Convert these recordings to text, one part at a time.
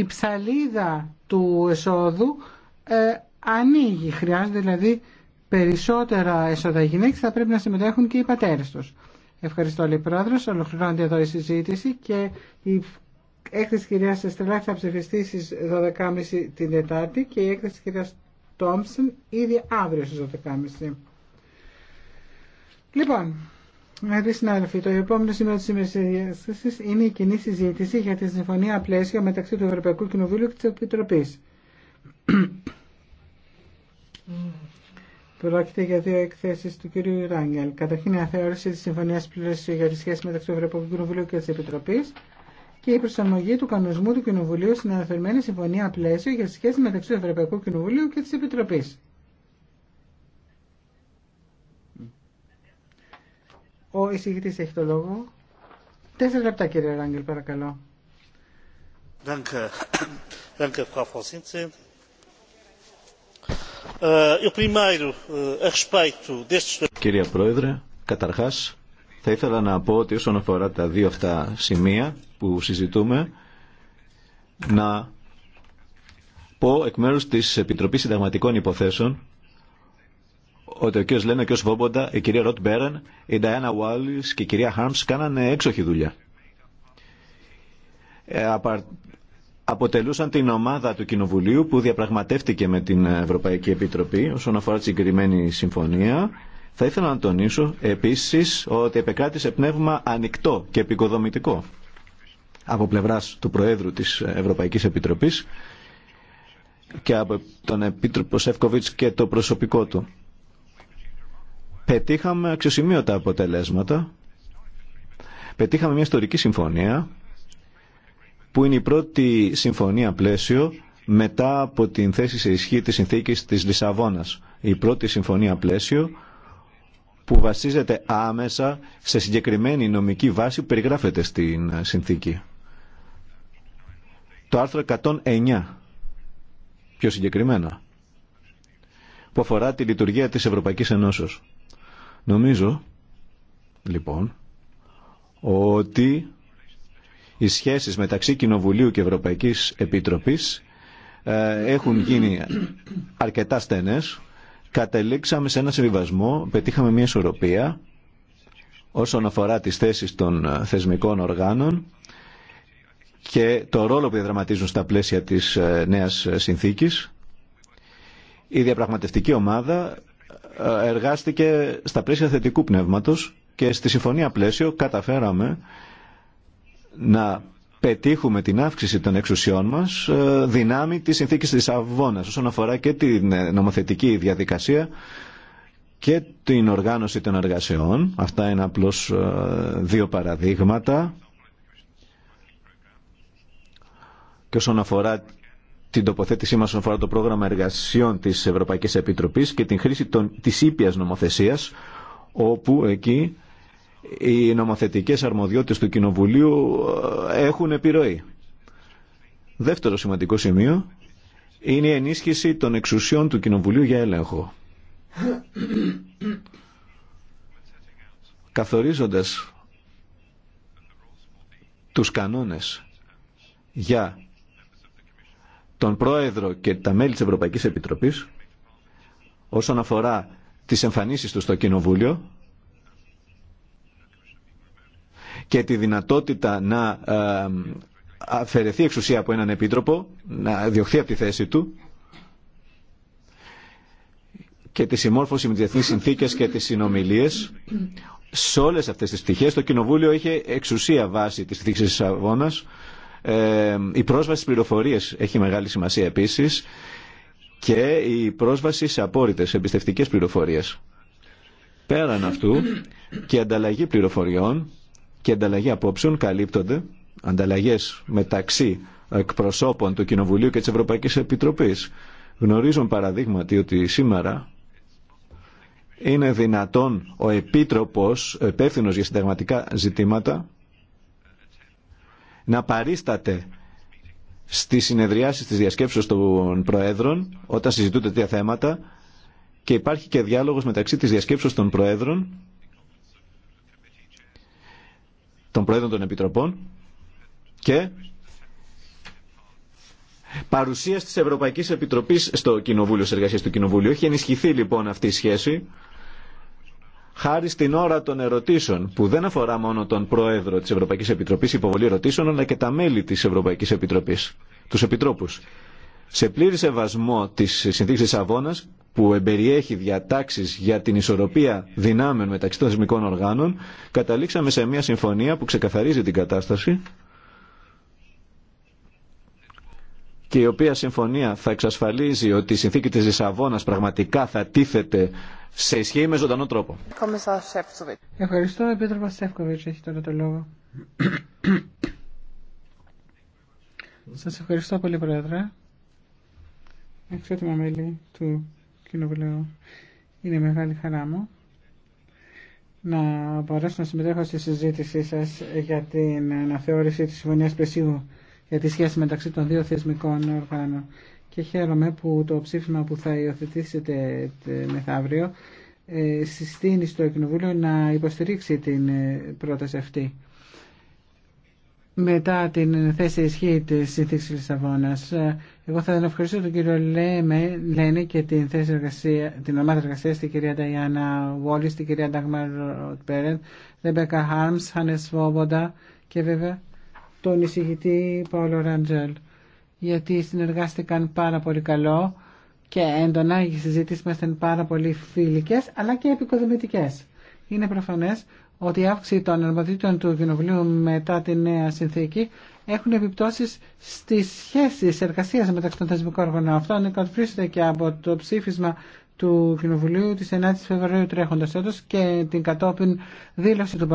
τη ψαλίδα του εσόδου ε, ανοίγει. Χρειάζεται δηλαδή περισσότερα έσοδα γυναίκες, θα πρέπει να συμμετέχουν και οι πατέρες τους. Ευχαριστώ λέει πρόεδρος, ολοκληρώνεται εδώ η συζήτηση και η έκθεση κυρία Στελάχ θα ψηφιστεί στις 12.30 την Δετάρτη και η έκθεση κυρία Τόμψεν ήδη αύριο στις 12.30. Λοιπόν, Αγαπητοί συνάδελφοι, το επόμενο σημείο τη σημερινή είναι η κοινή συζήτηση για τη συμφωνία πλαίσια μεταξύ του Ευρωπαϊκού Κοινοβούλου και τη Επιτροπή. Πρόκειται για δύο εκθέσει του κ. Ράγκελ. Καταρχήν, η αθεώρηση τη συμφωνία πλαίσια για τη σχέση μεταξύ του Ευρωπαϊκού Κοινοβουλίου και τη Επιτροπή και η προσαρμογή του κανονισμού του Κοινοβουλίου στην αναφερμένη συμφωνία πλαίσιο για τη σχέση μεταξύ του Ευρωπαϊκού Κοινοβουλίου και τη Επιτροπή. Ο εισηγητής έχει το λόγο. Τέσσερα λεπτά κύριε Ράγγελ, παρακαλώ. Äh, äh, κύριε Πρόεδρε, καταρχάς θα ήθελα να πω ότι όσον αφορά τα δύο αυτά σημεία που συζητούμε, να πω εκ μέρους της Επιτροπής Συνταγματικών Υποθέσεων ότι ο κ. Λένε, ο κ. Βόμποντα, η κυρία Ροτ Μπέρεν, η Νταϊάννα Βάλλη και η κυρία Χάρμ κάνανε έξοχη δουλειά. Ε, αποτελούσαν την ομάδα του Κοινοβουλίου που διαπραγματεύτηκε με την Ευρωπαϊκή Επιτροπή όσον αφορά τη συγκεκριμένη συμφωνία. Θα ήθελα να τονίσω επίση ότι επεκράτησε πνεύμα ανοιχτό και επικοδομητικό από πλευρά του Προέδρου τη Ευρωπαϊκή Επιτροπή και από τον Επίτροπο Σεφκοβίτς και το προσωπικό του πετύχαμε αξιοσημείωτα αποτελέσματα. Πετύχαμε μια ιστορική συμφωνία που είναι η πρώτη συμφωνία πλαίσιο μετά από την θέση σε ισχύ της συνθήκης της Λισαβόνας. Η πρώτη συμφωνία πλαίσιο που βασίζεται άμεσα σε συγκεκριμένη νομική βάση που περιγράφεται στην συνθήκη. Το άρθρο 109, πιο συγκεκριμένα, που αφορά τη λειτουργία της Ευρωπαϊκής Ενώσεως. Νομίζω, λοιπόν, ότι οι σχέσεις μεταξύ Κοινοβουλίου και Ευρωπαϊκής Επιτροπής ε, έχουν γίνει αρκετά στενές. Κατελήξαμε σε ένα συμβιβασμό, πετύχαμε μια ισορροπία όσον αφορά τις θέσεις των ε, θεσμικών οργάνων και το ρόλο που διαδραματίζουν στα πλαίσια της ε, νέας συνθήκης. Η διαπραγματευτική ομάδα ε, εργάστηκε στα πλαίσια θετικού πνεύματος και στη συμφωνία πλαίσιο καταφέραμε να πετύχουμε την αύξηση των εξουσιών μας ε, δυνάμει της συνθήκης της Αβώνας όσον αφορά και την ε, νομοθετική διαδικασία και την οργάνωση των εργασιών. Αυτά είναι απλώς δύο παραδείγματα. Και όσον αφορά την τοποθέτησή μας αφορά το πρόγραμμα εργασιών της Ευρωπαϊκής Επιτροπής και την χρήση των, της ήπιας νομοθεσίας, όπου εκεί οι νομοθετικές αρμοδιότητες του Κοινοβουλίου ε, έχουν επιρροή. Δεύτερο σημαντικό σημείο είναι η ενίσχυση των εξουσιών του Κοινοβουλίου για έλεγχο. Καθορίζοντας τους κανόνες για τον Πρόεδρο και τα μέλη της Ευρωπαϊκής Επιτροπής όσον αφορά τις εμφανίσεις του στο Κοινοβούλιο και τη δυνατότητα να ε, αφαιρεθεί εξουσία από έναν επίτροπο, να διωχθεί από τη θέση του και τη συμμόρφωση με τις διεθνείς συνθήκες και τις συνομιλίες. Σε όλες αυτές τις πτυχές το Κοινοβούλιο είχε εξουσία βάσει της θήξης της αγώνας ε, η πρόσβαση στις πληροφορίες έχει μεγάλη σημασία επίσης και η πρόσβαση σε απόρριτες εμπιστευτικές πληροφορίες. Πέραν αυτού και ανταλλαγή πληροφοριών και ανταλλαγή απόψεων καλύπτονται ανταλλαγές μεταξύ εκπροσώπων του Κοινοβουλίου και της Ευρωπαϊκής Επιτροπής. Γνωρίζουν παραδείγματι ότι σήμερα είναι δυνατόν ο Επίτροπος, υπεύθυνο για συνταγματικά ζητήματα, να παρίσταται στις συνεδριάσεις της διασκέψεως των Προέδρων όταν συζητούνται τέτοια θέματα και υπάρχει και διάλογος μεταξύ της διασκέψεως των Προέδρων των Προέδρων των Επιτροπών και παρουσίας της Ευρωπαϊκής Επιτροπής στο Κοινοβούλιο, στις εργασίες του Κοινοβούλιο. Έχει ενισχυθεί λοιπόν αυτή η σχέση χάρη στην ώρα των ερωτήσεων, που δεν αφορά μόνο τον Πρόεδρο της Ευρωπαϊκής Επιτροπής, υποβολή ερωτήσεων, αλλά και τα μέλη τη Ευρωπαϊκή Επιτροπής, τους Επιτρόπους. Σε πλήρη σεβασμό τη συνθήκη τη Αβώνας, που εμπεριέχει διατάξει για την ισορροπία δυνάμεων μεταξύ των θεσμικών οργάνων, καταλήξαμε σε μια συμφωνία που ξεκαθαρίζει την κατάσταση και η οποία συμφωνία θα εξασφαλίζει ότι η συνθήκη της Λισαβόνας πραγματικά θα τίθεται σε ισχύ με ζωντανό τρόπο. Ευχαριστώ. Επίτροπο Σεύκοβιτ, έχει τώρα το λόγο. Σα ευχαριστώ πολύ, Πρόεδρε. Εξότιμα μέλη του Κοινοβουλίου. Είναι μεγάλη χαρά μου να μπορέσω να συμμετέχω στη συζήτησή σα για την αναθεώρηση τη Συμφωνία Πλαισίου για τη σχέση μεταξύ των δύο θεσμικών οργάνων και χαίρομαι που το ψήφισμα που θα υιοθετήσετε μεθαύριο ε, συστήνει στο Κοινοβούλιο να υποστηρίξει την ε, πρόταση αυτή. Μετά την θέση ισχύ τη συνθήκη Λισαβόνα, ε, εγώ θα ευχαριστήσω τον κύριο Λέμε, Λένε και την, θέση εργασία, την ομάδα εργασία, την κυρία Νταϊάννα Βόλη, την κυρία Ντάγμαρ Πέρεν, Ρεμπέκα Χάρμ, Χάνε Βόμποντα και βέβαια τον εισηγητή Παόλο Ραντζέλ γιατί συνεργάστηκαν πάρα πολύ καλό και έντονα. Οι συζήτησει μας ήταν πάρα πολύ φιλικές αλλά και επικοδομητικές. Είναι προφανές ότι η αύξηση των αρμοδίτων του Κοινοβουλίου μετά τη νέα συνθήκη έχουν επιπτώσεις στις σχέσεις εργασίας μεταξύ των θεσμικών οργανών. Αυτό ανεκαθρίζεται και από το ψήφισμα του Κοινοβουλίου της 9 η Φεβρουαρίου τρέχοντας έτος και την κατόπιν δήλωση του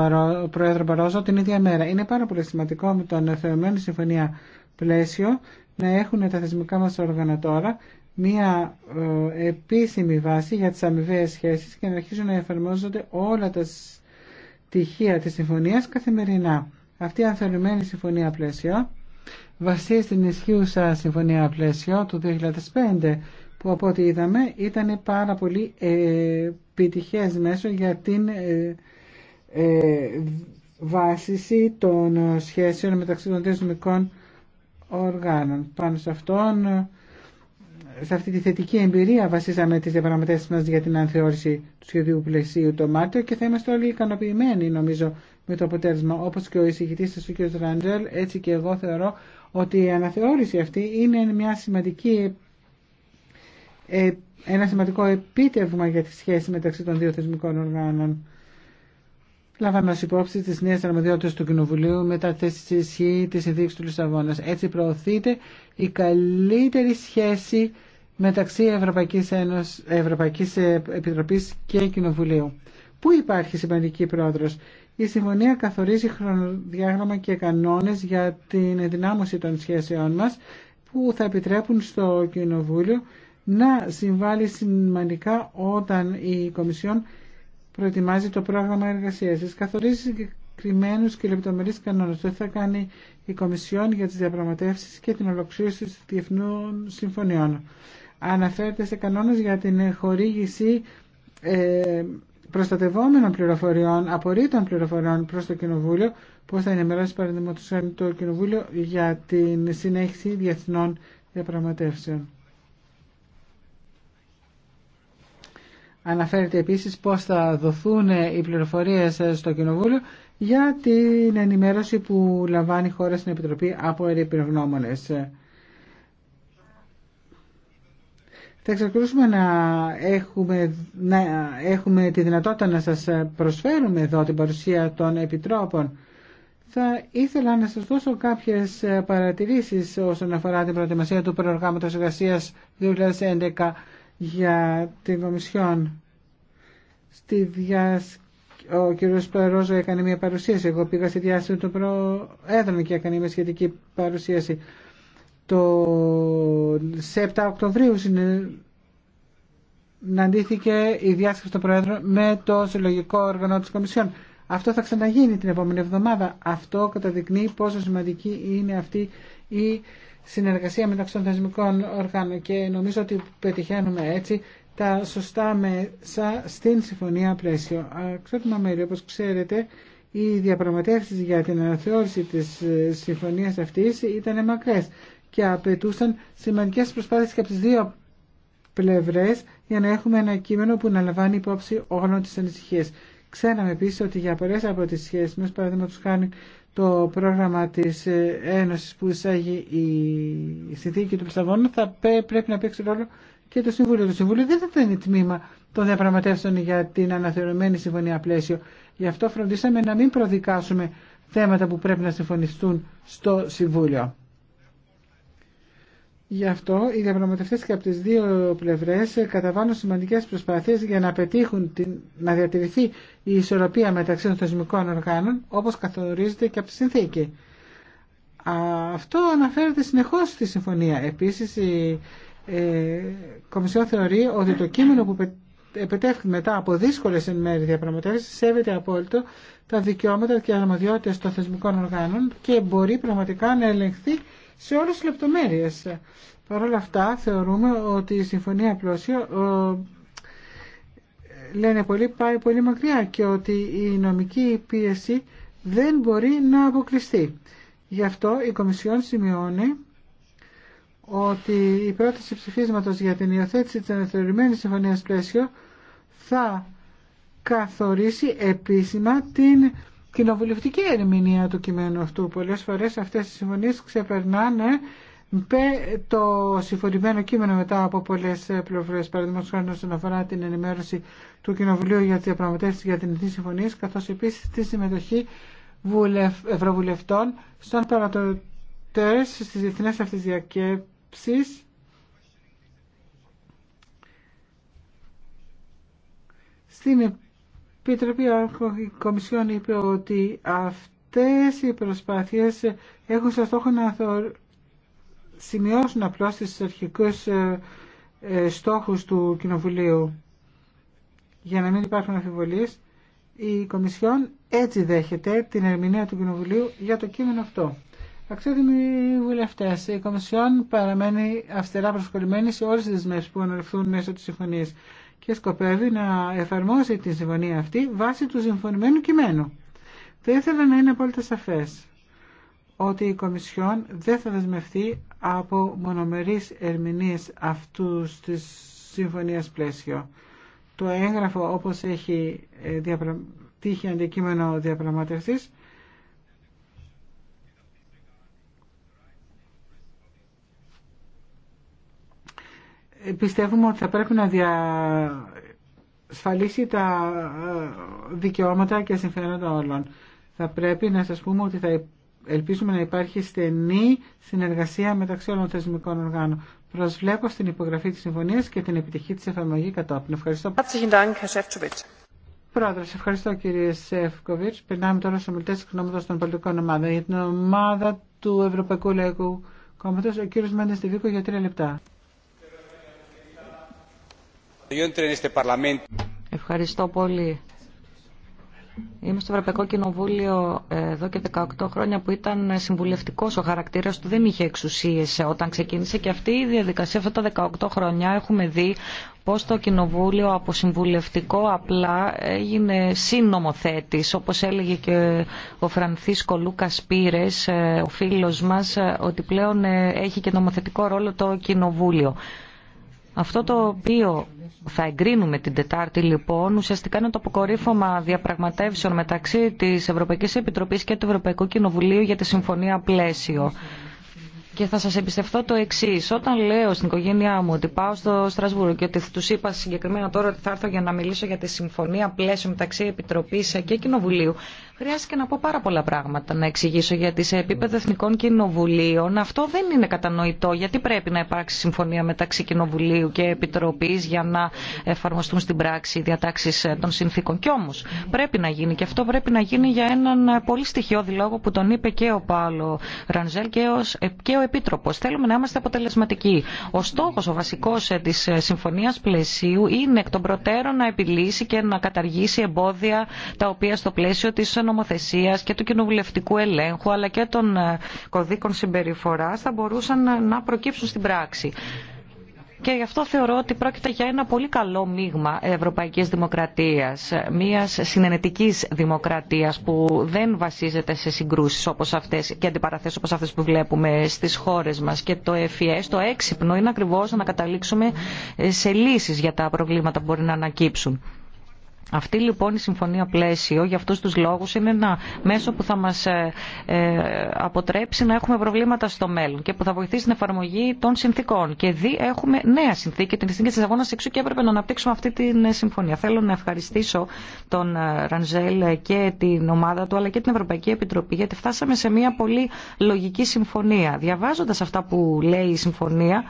Προέδρου Παρόζο την ίδια μέρα. Είναι πάρα πολύ σημαντικό με τον θεωμένη συμφωνία πλαίσιο να έχουν τα θεσμικά μας όργανα τώρα μία ε, επίσημη βάση για τις αμοιβαίες σχέσεις και να αρχίζουν να εφαρμόζονται όλα τα στοιχεία της συμφωνίας καθημερινά. Αυτή η ανθεωρημένη συμφωνία πλαίσιο βασίζεται στην ισχύουσα συμφωνία πλαίσιο του 2005 που από ό,τι είδαμε ήταν πάρα πολύ ε, επιτυχές μέσο για την ε, βάσιση των σχέσεων μεταξύ των δύο οργάνων. Πάνω σε αυτόν, σε αυτή τη θετική εμπειρία βασίζαμε τις διαπραγματεύσεις μας για την ανθεώρηση του σχεδίου πλαισίου το Μάρτιο και θα είμαστε όλοι ικανοποιημένοι νομίζω με το αποτέλεσμα. Όπως και ο εισηγητής σας ο κ. Ραντζέλ, έτσι και εγώ θεωρώ ότι η αναθεώρηση αυτή είναι μια σημαντική ε, ένα σημαντικό επίτευγμα για τη σχέση μεταξύ των δύο θεσμικών οργάνων λάβαμε ω υπόψη τη νέα αρμοδιότητα του Κοινοβουλίου μετά τη ισχύ τη συνθήκη του Λισαβόνα. Έτσι προωθείται η καλύτερη σχέση μεταξύ Ευρωπαϊκής, Ένωσης, Ευρωπαϊκής Επιτροπής και Κοινοβουλίου. Πού υπάρχει σημαντική πρόδρος. Η συμφωνία καθορίζει χρονοδιάγραμμα και κανόνες για την ενδυνάμωση των σχέσεών μας που θα επιτρέπουν στο Κοινοβούλιο να συμβάλλει σημαντικά όταν η Κομισιόν προετοιμάζει το πρόγραμμα εργασία τη, Καθορίζει συγκεκριμένου και λεπτομερεί κανόνε. Το θα κάνει η Κομισιόν για τις διαπραγματεύσει και την ολοκλήρωση των διεθνών συμφωνιών. Αναφέρεται σε κανόνες για την χορήγηση ε, προστατευόμενων πληροφοριών, απορρίτων πληροφοριών προς το Κοινοβούλιο, πώς θα ενημερώσει παραδείγματος το Κοινοβούλιο για την συνέχιση διεθνών διαπραγματεύσεων. Αναφέρεται επίσης πώς θα δοθούν οι πληροφορίες στο Κοινοβούλιο για την ενημέρωση που λαμβάνει η χώρα στην Επιτροπή από ερυπηρευνόμονες. Θα εξακολουθούμε να έχουμε, να έχουμε τη δυνατότητα να σας προσφέρουμε εδώ την παρουσία των επιτρόπων. Θα ήθελα να σας δώσω κάποιες παρατηρήσεις όσον αφορά την προετοιμασία του προγράμματος εργασίας 2011 για την Κομισιόν. Στη διασ... Ο κ. Παρόζο έκανε μια παρουσίαση. Εγώ πήγα στη διάστηση του Προέδρου και έκανε μια σχετική παρουσίαση. Το... 7 Οκτωβρίου συναντήθηκε η διάσκεψη του Προέδρου με το συλλογικό όργανο της Κομισιόν. Αυτό θα ξαναγίνει την επόμενη εβδομάδα. Αυτό καταδεικνύει πόσο σημαντική είναι αυτή η συνεργασία μεταξύ των θεσμικών οργάνων και νομίζω ότι πετυχαίνουμε έτσι τα σωστά μέσα στην συμφωνία πλαίσιο. Ξέρουμε μέρη, όπως ξέρετε, οι διαπραγματεύσεις για την αναθεώρηση της ε, συμφωνίας αυτής ήταν μακρές και απαιτούσαν σημαντικές προσπάθειες και από τις δύο πλευρές για να έχουμε ένα κείμενο που να λαμβάνει υπόψη όλων τις ανησυχίες. Ξέραμε επίση ότι για πολλέ από τι σχέσει μα, παραδείγματο χάνει το πρόγραμμα της ε, Ένωσης που εισάγει η συνθήκη του Πισταβόνου θα πρέπει να παίξει ρόλο και το Συμβούλιο. Το Συμβούλιο δεν θα είναι τμήμα των διαπραγματεύσεων για την αναθεωρημένη συμφωνία πλαίσιο. Γι' αυτό φροντίσαμε να μην προδικάσουμε θέματα που πρέπει να συμφωνηθούν στο Συμβούλιο. Γι' αυτό οι διαπραγματευτές και από τις δύο πλευρές καταβάλουν σημαντικές προσπάθειες για να πετύχουν την, να διατηρηθεί η ισορροπία μεταξύ των θεσμικών οργάνων όπως καθορίζεται και από τη συνθήκη. Αυτό αναφέρεται συνεχώς στη συμφωνία. Επίσης η ε, Κομισιόν θεωρεί ότι το κείμενο που επετεύχθη μετά από δύσκολες εν μέρη διαπραγματεύσεις σέβεται απόλυτο τα δικαιώματα και αρμοδιότητες των θεσμικών οργάνων και μπορεί πραγματικά να ελεγχθεί σε όλες τις λεπτομέρειες. Παρ' όλα αυτά θεωρούμε ότι η Συμφωνία Πλώσιο λένε πολύ πάει πολύ μακριά και ότι η νομική πίεση δεν μπορεί να αποκλειστεί. Γι' αυτό η Κομισιόν σημειώνει ότι η πρόταση ψηφίσματος για την υιοθέτηση της αναθεωρημένης συμφωνίας πλαίσιο θα καθορίσει επίσημα την κοινοβουλευτική ερμηνεία του κειμένου αυτού. Πολλές φορές αυτές οι συμφωνίες ξεπερνάνε το συμφωνημένο κείμενο μετά από πολλέ πληροφορίε, παραδείγματο χάρη όσον αφορά την ενημέρωση του Κοινοβουλίου για τι διαπραγματεύσει για την Εθνική Συμφωνία, καθώ επίση τη συμμετοχή ευρωβουλευτών σαν παρατηρητέ στι διεθνέ αυτέ διακέψει. Στην Επιτροπή η Κομισιόν είπε ότι αυτές οι προσπάθειες έχουν σαν στόχο να σημειώσουν απλώς τις αρχικούς ε, ε, στόχους του Κοινοβουλίου. Για να μην υπάρχουν αφιβολίες, η Κομισιόν έτσι δέχεται την ερμηνεία του Κοινοβουλίου για το κείμενο αυτό. Αξιότιμοι βουλευτέ, η Κομισιόν παραμένει αυστερά προσκολλημένη σε όλε τι δεσμεύσει που αναλυφθούν μέσω τη συμφωνία και σκοπεύει να εφαρμόσει τη συμφωνία αυτή βάσει του συμφωνημένου κειμένου. Θα ήθελα να είναι απόλυτα σαφές ότι η Κομισιόν δεν θα δεσμευτεί από μονομερείς ερμηνείες αυτού της συμφωνίας πλαίσιο. Το έγγραφο όπως έχει ε, τύχει αντικείμενο διαπραγματευτής πιστεύουμε ότι θα πρέπει να διασφαλίσει τα ε, δικαιώματα και συμφέροντα όλων. Θα πρέπει να σας πούμε ότι θα ελπίζουμε να υπάρχει στενή συνεργασία μεταξύ όλων των θεσμικών οργάνων. Προσβλέπω στην υπογραφή της συμφωνίας και την επιτυχή της εφαρμογή κατόπιν. Ευχαριστώ. Πρόεδρε, ευχαριστώ κύριε Σεφκοβιτ. Περνάμε τώρα στου ομιλητέ εκνόματο των πολιτικών ομάδων. Για την ομάδα του Ευρωπαϊκού Λαϊκού Κόμματο, ο κύριο Μέντε Τιβίκο για τρία λεπτά. Ευχαριστώ πολύ. Είμαι στο Ευρωπαϊκό Κοινοβούλιο ε, εδώ και 18 χρόνια που ήταν συμβουλευτικό ο χαρακτήρα του, δεν είχε εξουσίε όταν ξεκίνησε και αυτή η διαδικασία αυτά τα 18 χρόνια έχουμε δει πώ το Κοινοβούλιο από συμβουλευτικό απλά έγινε συνομοθέτη. Όπω έλεγε και ο Φρανθίσκο Λούκα Πύρε, ε, ο φίλο μα, ε, ότι πλέον έχει και νομοθετικό ρόλο το Κοινοβούλιο. Αυτό το οποίο θα εγκρίνουμε την Τετάρτη λοιπόν ουσιαστικά είναι το αποκορύφωμα διαπραγματεύσεων μεταξύ της Ευρωπαϊκής Επιτροπής και του Ευρωπαϊκού Κοινοβουλίου για τη Συμφωνία Πλαίσιο. Και θα σας εμπιστευτώ το εξή. Όταν λέω στην οικογένειά μου ότι πάω στο Στρασβούργο και ότι του είπα συγκεκριμένα τώρα ότι θα έρθω για να μιλήσω για τη συμφωνία πλαίσιο μεταξύ Επιτροπή και Κοινοβουλίου, Χρειάστηκε να πω πάρα πολλά πράγματα να εξηγήσω γιατί σε επίπεδο εθνικών κοινοβουλίων αυτό δεν είναι κατανοητό. Γιατί πρέπει να υπάρξει συμφωνία μεταξύ Κοινοβουλίου και Επιτροπή για να εφαρμοστούν στην πράξη οι διατάξει των συνθήκων. Κι όμω πρέπει να γίνει και αυτό πρέπει να γίνει για έναν πολύ στοιχειώδη λόγο που τον είπε και ο Πάλο Ρανζέλ και, ως, ε, και ο Επίτροπο. Θέλουμε να είμαστε αποτελεσματικοί. Ο στόχο, ο βασικό ε, τη ε, συμφωνία πλαισίου είναι εκ των προτέρων να επιλύσει και να καταργήσει εμπόδια τα οποία στο πλαίσιο τη και του κοινοβουλευτικού ελέγχου αλλά και των ε, κωδίκων συμπεριφορά θα μπορούσαν ε, να προκύψουν στην πράξη. Και γι' αυτό θεωρώ ότι πρόκειται για ένα πολύ καλό μείγμα ευρωπαϊκής δημοκρατίας, ε, μιας συνενετικής δημοκρατίας που δεν βασίζεται σε συγκρούσεις όπως αυτές και αντιπαραθέσεις όπως αυτές που βλέπουμε στις χώρες μας. Και το ΕΦΙΕΣ, το έξυπνο, είναι ακριβώς να καταλήξουμε σε λύσεις για τα προβλήματα που μπορεί να ανακύψουν. Αυτή λοιπόν η συμφωνία πλαίσιο για αυτούς τους λόγους είναι ένα μέσο που θα μας ε, ε, αποτρέψει να έχουμε προβλήματα στο μέλλον και που θα βοηθήσει την εφαρμογή των συνθήκων. Και δι έχουμε νέα συνθήκη, την συνθήκη της αγώνας εξού και έπρεπε να αναπτύξουμε αυτή τη ε, συμφωνία. Θέλω να ευχαριστήσω τον Ρανζέλ και την ομάδα του αλλά και την Ευρωπαϊκή Επιτροπή γιατί φτάσαμε σε μια πολύ λογική συμφωνία. Διαβάζοντας αυτά που λέει η συμφωνία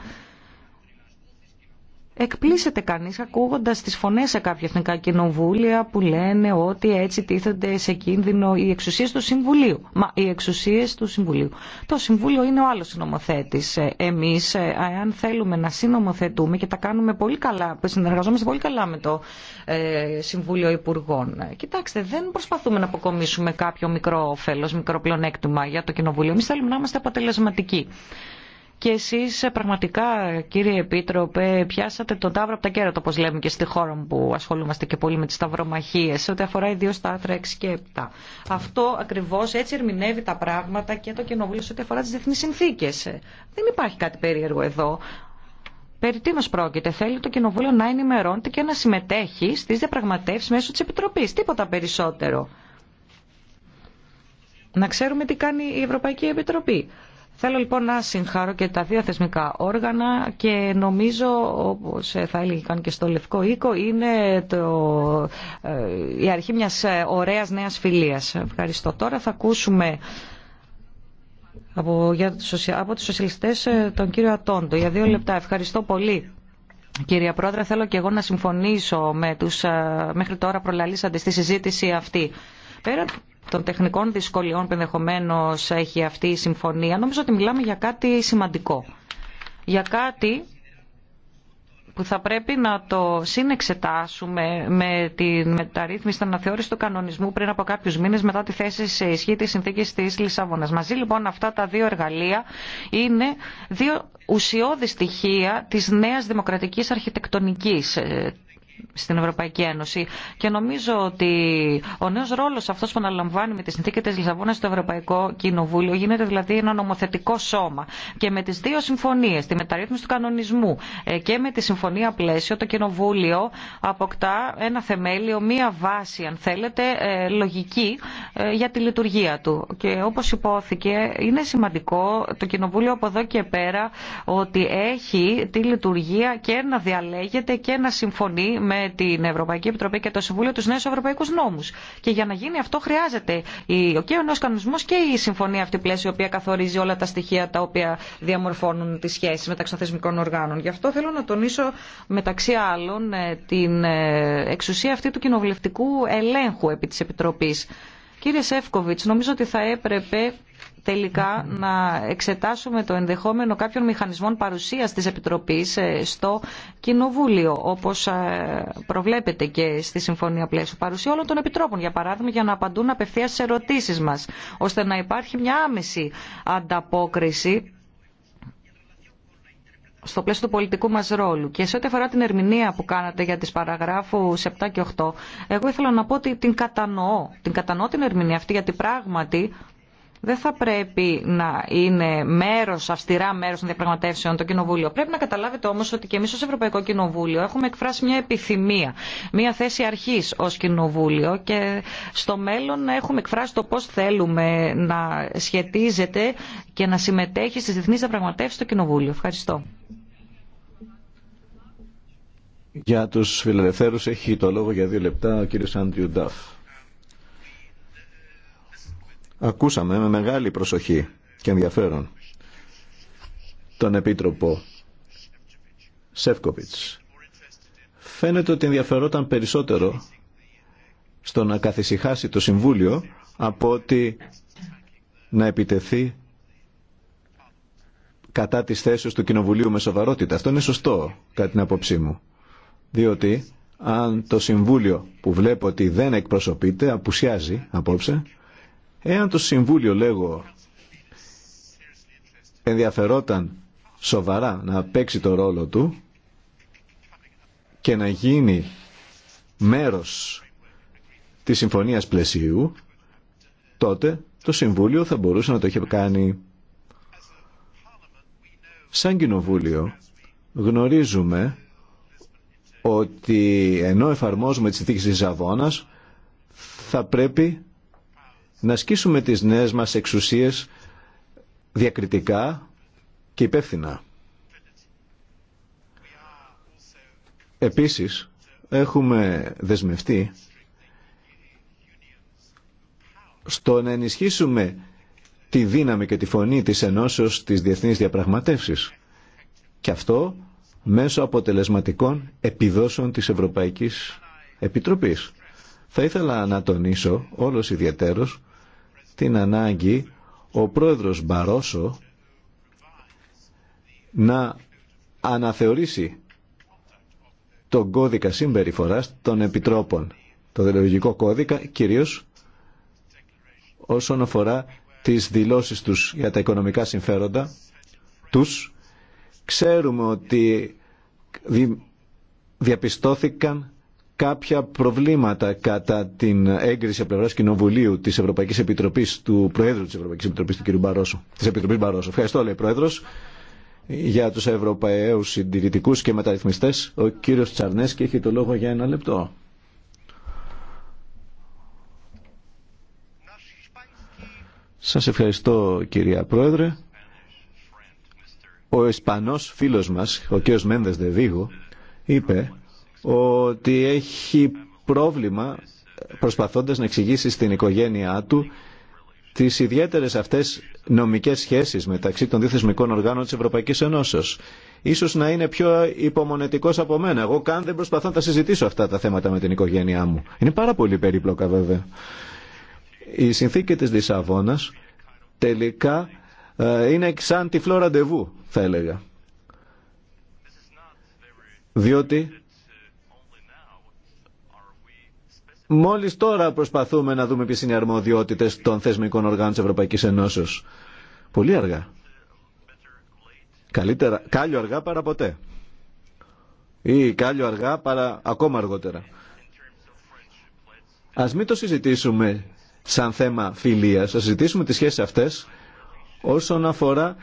Εκπλήσεται κανείς ακούγοντας τις φωνές σε κάποια εθνικά κοινοβούλια που λένε ότι έτσι τίθενται σε κίνδυνο οι εξουσίες του Συμβουλίου. Μα οι εξουσίες του Συμβουλίου. Το Συμβούλιο είναι ο άλλος συνομοθέτης. Ε, εμείς, αν ε, θέλουμε να συνομοθετούμε και τα κάνουμε πολύ καλά, συνεργαζόμαστε πολύ καλά με το ε, Συμβούλιο Υπουργών. Κοιτάξτε, δεν προσπαθούμε να αποκομίσουμε κάποιο μικρό όφελος, μικρό πλονέκτημα για το Κοινοβούλιο. Εμείς θέλουμε να είμαστε αποτελεσματικοί και εσείς πραγματικά κύριε Επίτροπε πιάσατε τον τάβρο από τα κέρατα όπως λέμε και στη χώρα μου που ασχολούμαστε και πολύ με τις σταυρομαχίες ό,τι αφορά ιδίως τα άθρα 6 και 7. Αυτό ακριβώς έτσι ερμηνεύει τα πράγματα και το κοινοβούλιο σε ό,τι αφορά τις διεθνείς συνθήκες. Δεν υπάρχει κάτι περίεργο εδώ. Περί μας πρόκειται, θέλει το Κοινοβούλιο να ενημερώνεται και να συμμετέχει στις διαπραγματεύσεις μέσω της Επιτροπής. Τίποτα περισσότερο. Να ξέρουμε τι κάνει η Ευρωπαϊκή Επιτροπή. Θέλω λοιπόν να συγχαρώ και τα δύο θεσμικά όργανα και νομίζω, όπως θα έλεγαν και στο Λευκό Οίκο, είναι το, ε, η αρχή μιας ε, ωραίας νέας φιλίας. Ευχαριστώ. Τώρα θα ακούσουμε από, για, από τους σοσιαλιστές ε, τον κύριο Ατόντο. Για δύο λεπτά. Ευχαριστώ πολύ. Κυρία Πρόεδρε, θέλω και εγώ να συμφωνήσω με τους μέχρι τώρα προλαλήσαντε στη συζήτηση αυτή των τεχνικών δυσκολιών που ενδεχομένω έχει αυτή η συμφωνία, νομίζω ότι μιλάμε για κάτι σημαντικό. Για κάτι που θα πρέπει να το συνεξετάσουμε με τη μεταρρύθμιση να αναθεώρηση του κανονισμού πριν από κάποιους μήνες μετά τη θέση σε ισχύ της συνθήκη της Λισαβόνας. Μαζί λοιπόν αυτά τα δύο εργαλεία είναι δύο ουσιώδη στοιχεία της νέας δημοκρατικής αρχιτεκτονικής. Ε, στην Ευρωπαϊκή Ένωση. Και νομίζω ότι ο νέο ρόλο αυτό που αναλαμβάνει με τη συνθήκη τη Λισαβόνα στο Ευρωπαϊκό Κοινοβούλιο γίνεται δηλαδή ένα νομοθετικό σώμα. Και με τι δύο συμφωνίε, τη μεταρρύθμιση του κανονισμού ε, και με τη συμφωνία πλαίσιο, το Κοινοβούλιο αποκτά ένα θεμέλιο, μία βάση, αν θέλετε, ε, λογική ε, για τη λειτουργία του. Και όπω υπόθηκε, είναι σημαντικό το Κοινοβούλιο από εδώ και πέρα ότι έχει τη λειτουργία και να διαλέγεται και να συμφωνεί με την Ευρωπαϊκή Επιτροπή και το Συμβούλιο του νέου ευρωπαϊκού νόμου. Και για να γίνει αυτό χρειάζεται και ο νέο κανονισμό και η συμφωνία αυτή πλαίσια, η οποία καθορίζει όλα τα στοιχεία τα οποία διαμορφώνουν τι σχέσει μεταξύ των θεσμικών οργάνων. Γι' αυτό θέλω να τονίσω μεταξύ άλλων ε, την ε, εξουσία αυτή του κοινοβουλευτικού ελέγχου επί τη Επιτροπή. Κύριε Σεύκοβιτ, νομίζω ότι θα έπρεπε τελικά να εξετάσουμε το ενδεχόμενο κάποιων μηχανισμών παρουσίας της Επιτροπής ε, στο Κοινοβούλιο, όπως ε, προβλέπεται και στη Συμφωνία Πλαίσιο. Παρουσία όλων των Επιτρόπων, για παράδειγμα, για να απαντούν απευθείας στις ερωτήσεις μας, ώστε να υπάρχει μια άμεση ανταπόκριση στο πλαίσιο του πολιτικού μας ρόλου. Και σε ό,τι αφορά την ερμηνεία που κάνατε για τις παραγράφου 7 και 8, εγώ ήθελα να πω ότι την κατανοώ. Την κατανοώ την ερμηνεία αυτή, γιατί πράγματι δεν θα πρέπει να είναι μέρο, αυστηρά μέρο των διαπραγματεύσεων το Κοινοβούλιο. Πρέπει να καταλάβετε όμω ότι και εμεί ω Ευρωπαϊκό Κοινοβούλιο έχουμε εκφράσει μια επιθυμία, μια θέση αρχή ω Κοινοβούλιο και στο μέλλον έχουμε εκφράσει το πώ θέλουμε να σχετίζεται και να συμμετέχει στι διεθνεί διαπραγματεύσει το Κοινοβούλιο. Ευχαριστώ. Για τους φιλελευθέρους έχει το λόγο για δύο λεπτά ο κύριος Άντριου Ντάφ. Ακούσαμε με μεγάλη προσοχή και ενδιαφέρον τον Επίτροπο Σεύκοβιτς. Φαίνεται ότι ενδιαφερόταν περισσότερο στο να καθησυχάσει το Συμβούλιο από ότι να επιτεθεί κατά της θέσης του Κοινοβουλίου με σοβαρότητα. Αυτό είναι σωστό, κατά την απόψή μου. Διότι αν το Συμβούλιο που βλέπω ότι δεν εκπροσωπείται, απουσιάζει απόψε, Εάν το Συμβούλιο, λέγω, ενδιαφερόταν σοβαρά να παίξει το ρόλο του και να γίνει μέρος της Συμφωνίας Πλαισίου, τότε το Συμβούλιο θα μπορούσε να το είχε κάνει. Σαν Κοινοβούλιο γνωρίζουμε ότι ενώ εφαρμόζουμε τις συνθήκες της Ζαβώνας θα πρέπει να ασκήσουμε τις νέες μας εξουσίες διακριτικά και υπεύθυνα. Επίσης, έχουμε δεσμευτεί στο να ενισχύσουμε τη δύναμη και τη φωνή της ενώσεως της διεθνής διαπραγματεύσεις. Και αυτό μέσω αποτελεσματικών επιδόσεων της Ευρωπαϊκής Επιτροπής. Θα ήθελα να τονίσω όλος ιδιαίτερος την ανάγκη ο πρόεδρος Μπαρόσο να αναθεωρήσει τον κώδικα συμπεριφοράς των επιτρόπων, το δελογικό κώδικα κυρίως όσον αφορά τις δηλώσεις τους για τα οικονομικά συμφέροντα τους. Ξέρουμε ότι διαπιστώθηκαν κάποια προβλήματα κατά την έγκριση από πλευρά Κοινοβουλίου τη Ευρωπαϊκή Επιτροπή του Προέδρου τη Ευρωπαϊκή Επιτροπή του κ. Μπαρόσο. Της Επιτροπής Μπαρόσο. Ευχαριστώ, λέει Πρόεδρο, για του Ευρωπαίου συντηρητικού και μεταρρυθμιστέ. Ο κ. Τσαρνέσκι έχει το λόγο για ένα λεπτό. Σας ευχαριστώ κυρία Πρόεδρε. Ο Ισπανός φίλος μας, ο κ. Μένδες Δεβίγο, είπε ότι έχει πρόβλημα προσπαθώντας να εξηγήσει στην οικογένειά του τις ιδιαίτερες αυτές νομικές σχέσεις μεταξύ των διθεσμικών οργάνων της Ευρωπαϊκής Ενώσεως. Ίσως να είναι πιο υπομονετικός από μένα. Εγώ καν δεν προσπαθώ να τα συζητήσω αυτά τα θέματα με την οικογένειά μου. Είναι πάρα πολύ περίπλοκα βέβαια. Η συνθήκη της Δισαβόνα τελικά ε, είναι σαν τυφλό ραντεβού θα έλεγα. Διότι Μόλις τώρα προσπαθούμε να δούμε ποιε είναι οι αρμοδιότητε των θεσμικών οργάνων της Ευρωπαϊκής Ενώσεω. Πολύ αργά. Καλύτερα, κάλιο αργά παρά ποτέ. Ή κάλιο αργά παρά ακόμα αργότερα. Ας μην το συζητήσουμε σαν θέμα φιλίας, α συζητήσουμε τις σχέσεις αυτές όσον αφορά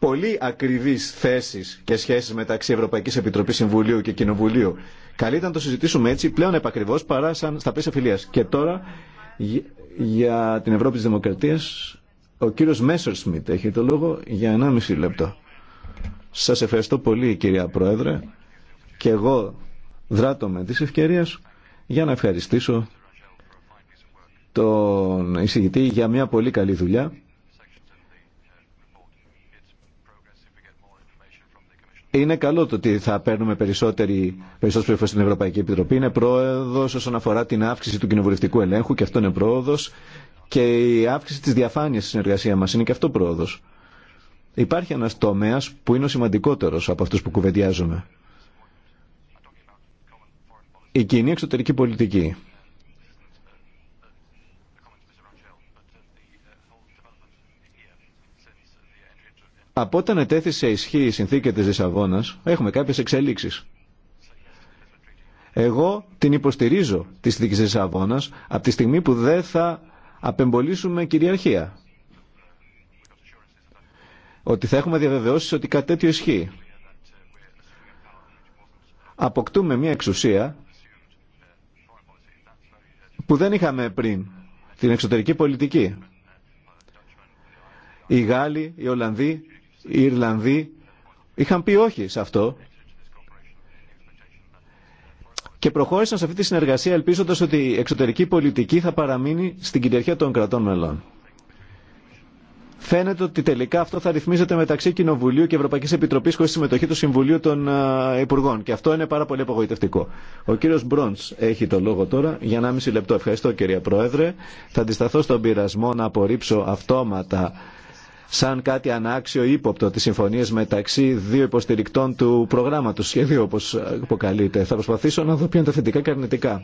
πολύ ακριβείς θέσει και σχέσει μεταξύ Ευρωπαϊκή Επιτροπή Συμβουλίου και Κοινοβουλίου. Καλύτερα να το συζητήσουμε έτσι πλέον επακριβώ, παρά σαν στα πλαίσια φιλία. Και τώρα για την Ευρώπη τη Δημοκρατία, ο κύριο Μέσορ Σμιτ έχει το λόγο για 1,5 λεπτό. Σα ευχαριστώ πολύ κυρία Πρόεδρε και εγώ δράτω με τις ευκαιρίες για να ευχαριστήσω τον εισηγητή για μια πολύ καλή δουλειά Είναι καλό το ότι θα παίρνουμε περισσότερη, περισσότερη πληροφορία στην Ευρωπαϊκή Επιτροπή. Είναι πρόοδο όσον αφορά την αύξηση του κοινοβουλευτικού ελέγχου και αυτό είναι πρόοδο Και η αύξηση της διαφάνειας στη συνεργασία μας είναι και αυτό πρόοδο. Υπάρχει ένα τομέα που είναι ο σημαντικότερος από αυτού που κουβεντιάζουμε. Η κοινή εξωτερική πολιτική. Από όταν ετέθησε ισχύ η συνθήκη της Λισαβόνα, έχουμε κάποιες εξελίξεις. Εγώ την υποστηρίζω τη συνθήκη της Λισαβόνα, από τη στιγμή που δεν θα απεμπολίσουμε κυριαρχία. Ότι θα έχουμε διαβεβαιώσεις ότι κάτι τέτοιο ισχύει. Αποκτούμε μια εξουσία που δεν είχαμε πριν, την εξωτερική πολιτική. Οι Γάλλοι, οι Ολλανδοί οι Ιρλανδοί είχαν πει όχι σε αυτό και προχώρησαν σε αυτή τη συνεργασία ελπίζοντας ότι η εξωτερική πολιτική θα παραμείνει στην κυριαρχία των κρατών μελών. Φαίνεται ότι τελικά αυτό θα ρυθμίζεται μεταξύ Κοινοβουλίου και Ευρωπαϊκή Επιτροπή χωρί συμμετοχή του Συμβουλίου των ε, Υπουργών. Και αυτό είναι πάρα πολύ απογοητευτικό. Ο κύριο Μπρόντ έχει το λόγο τώρα για 1,5 λεπτό. Ευχαριστώ κύριε Πρόεδρε. Θα αντισταθώ στον πειρασμό να απορρίψω αυτόματα σαν κάτι ανάξιο ή ύποπτο τις συμφωνίες μεταξύ δύο υποστηρικτών του προγράμματος, σχεδίου όπως αποκαλείται. Θα προσπαθήσω να δω ποιο είναι τα θετικά και αρνητικά.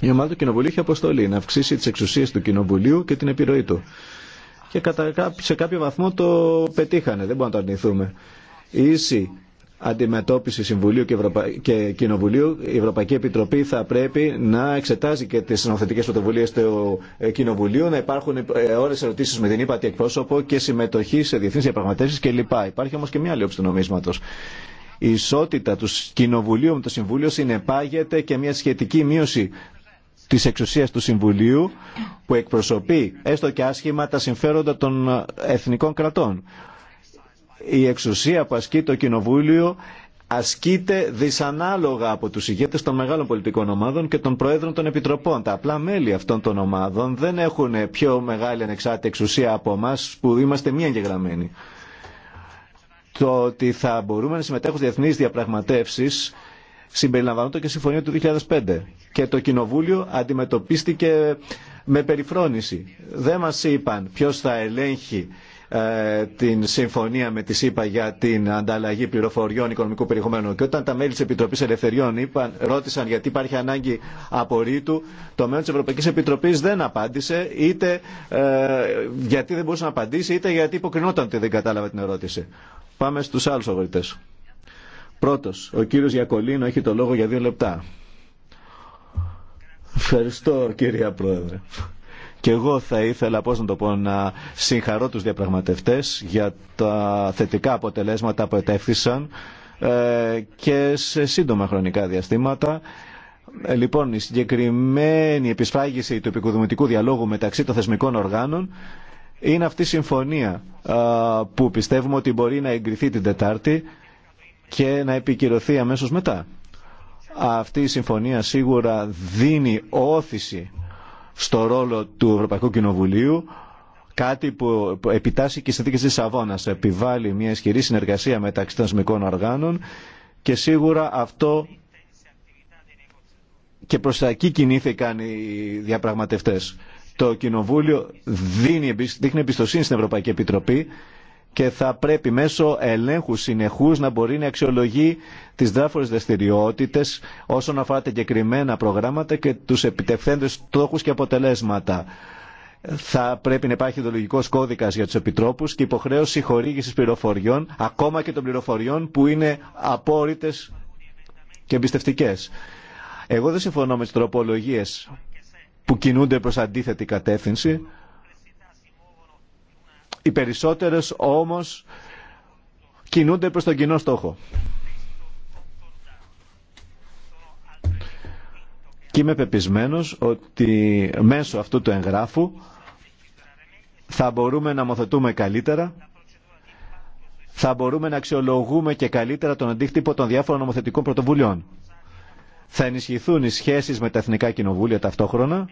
Η ομάδα του Κοινοβουλίου έχει αποστολή να αυξήσει τις εξουσίες του Κοινοβουλίου και την επιρροή του. Και σε κάποιο βαθμό το πετύχανε, δεν μπορούμε να το αρνηθούμε. ίση αντιμετώπιση Συμβουλίου και, και Κοινοβουλίου, η Ευρωπαϊκή Επιτροπή θα πρέπει να εξετάζει και τι νομοθετικέ πρωτοβουλίε του ε, Κοινοβουλίου, να υπάρχουν ε, ώρε ερωτήσει με την ύπατη εκπρόσωπο και συμμετοχή σε διεθνεί διαπραγματεύσει κλπ. Υπάρχει όμω και μια άλλη όψη του νομίσματο. Η ισότητα του Κοινοβουλίου με το Συμβούλιο συνεπάγεται και μια σχετική μείωση τη εξουσία του Συμβουλίου που εκπροσωπεί έστω και άσχημα τα συμφέροντα των εθνικών κρατών η εξουσία που ασκεί το Κοινοβούλιο ασκείται δυσανάλογα από τους ηγέτες των μεγάλων πολιτικών ομάδων και των προέδρων των επιτροπών. Τα απλά μέλη αυτών των ομάδων δεν έχουν πιο μεγάλη ανεξάρτητη εξουσία από εμά που είμαστε μία εγγεγραμμένοι. Το ότι θα μπορούμε να συμμετέχουμε στις διεθνείς διαπραγματεύσεις συμπεριλαμβάνονται και συμφωνία του 2005 και το Κοινοβούλιο αντιμετωπίστηκε με περιφρόνηση. Δεν μας είπαν ποιος θα ελέγχει ε, την συμφωνία με τη ΣΥΠΑ για την ανταλλαγή πληροφοριών οικονομικού περιεχομένου. Και όταν τα μέλη τη Επιτροπή Ελευθεριών ρώτησαν γιατί υπάρχει ανάγκη απορρίτου, το μέλλον τη Ευρωπαϊκή Επιτροπή δεν απάντησε, είτε ε, γιατί δεν μπορούσε να απαντήσει, είτε γιατί υποκρινόταν ότι δεν κατάλαβε την ερώτηση. Πάμε στου άλλου αγορητέ. Πρώτο, ο κύριο Γιακολίνο έχει το λόγο για δύο λεπτά. Ευχαριστώ κυρία Πρόεδρε. Και εγώ θα ήθελα, πώς να το πω, να συγχαρώ τους διαπραγματευτές για τα θετικά αποτελέσματα που ετέφθησαν ε, και σε σύντομα χρονικά διαστήματα. Ε, λοιπόν, η συγκεκριμένη επισφράγηση του επικοδομητικού διαλόγου μεταξύ των θεσμικών οργάνων είναι αυτή η συμφωνία ε, που πιστεύουμε ότι μπορεί να εγκριθεί την Τετάρτη και να επικυρωθεί αμέσως μετά. Αυτή η συμφωνία σίγουρα δίνει όθηση στο ρόλο του Ευρωπαϊκού Κοινοβουλίου, κάτι που επιτάσσει και η συνθήκη τη Επιβάλλει μια ισχυρή συνεργασία μεταξύ των θεσμικών οργάνων και σίγουρα αυτό και προς τα εκεί κινήθηκαν οι διαπραγματευτές. Το Κοινοβούλιο δίνει, δείχνει εμπιστοσύνη στην Ευρωπαϊκή Επιτροπή και θα πρέπει μέσω ελέγχου συνεχούς να μπορεί να αξιολογεί τις διάφορες δραστηριότητε όσον αφορά τα εγκεκριμένα προγράμματα και τους επιτευθέντες στόχους και αποτελέσματα. Θα πρέπει να υπάρχει ιδεολογικό κώδικα για του επιτρόπου και υποχρέωση χορήγηση πληροφοριών, ακόμα και των πληροφοριών που είναι απόρριτε και εμπιστευτικέ. Εγώ δεν συμφωνώ με τι τροπολογίε που κινούνται προ αντίθετη κατεύθυνση. Οι περισσότερες όμως κινούνται προς τον κοινό στόχο. Και είμαι πεπισμένος ότι μέσω αυτού του εγγράφου θα μπορούμε να μοθετούμε καλύτερα, θα μπορούμε να αξιολογούμε και καλύτερα τον αντίκτυπο των διάφορων νομοθετικών πρωτοβουλειών. Θα ενισχυθούν οι σχέσεις με τα εθνικά κοινοβούλια ταυτόχρονα,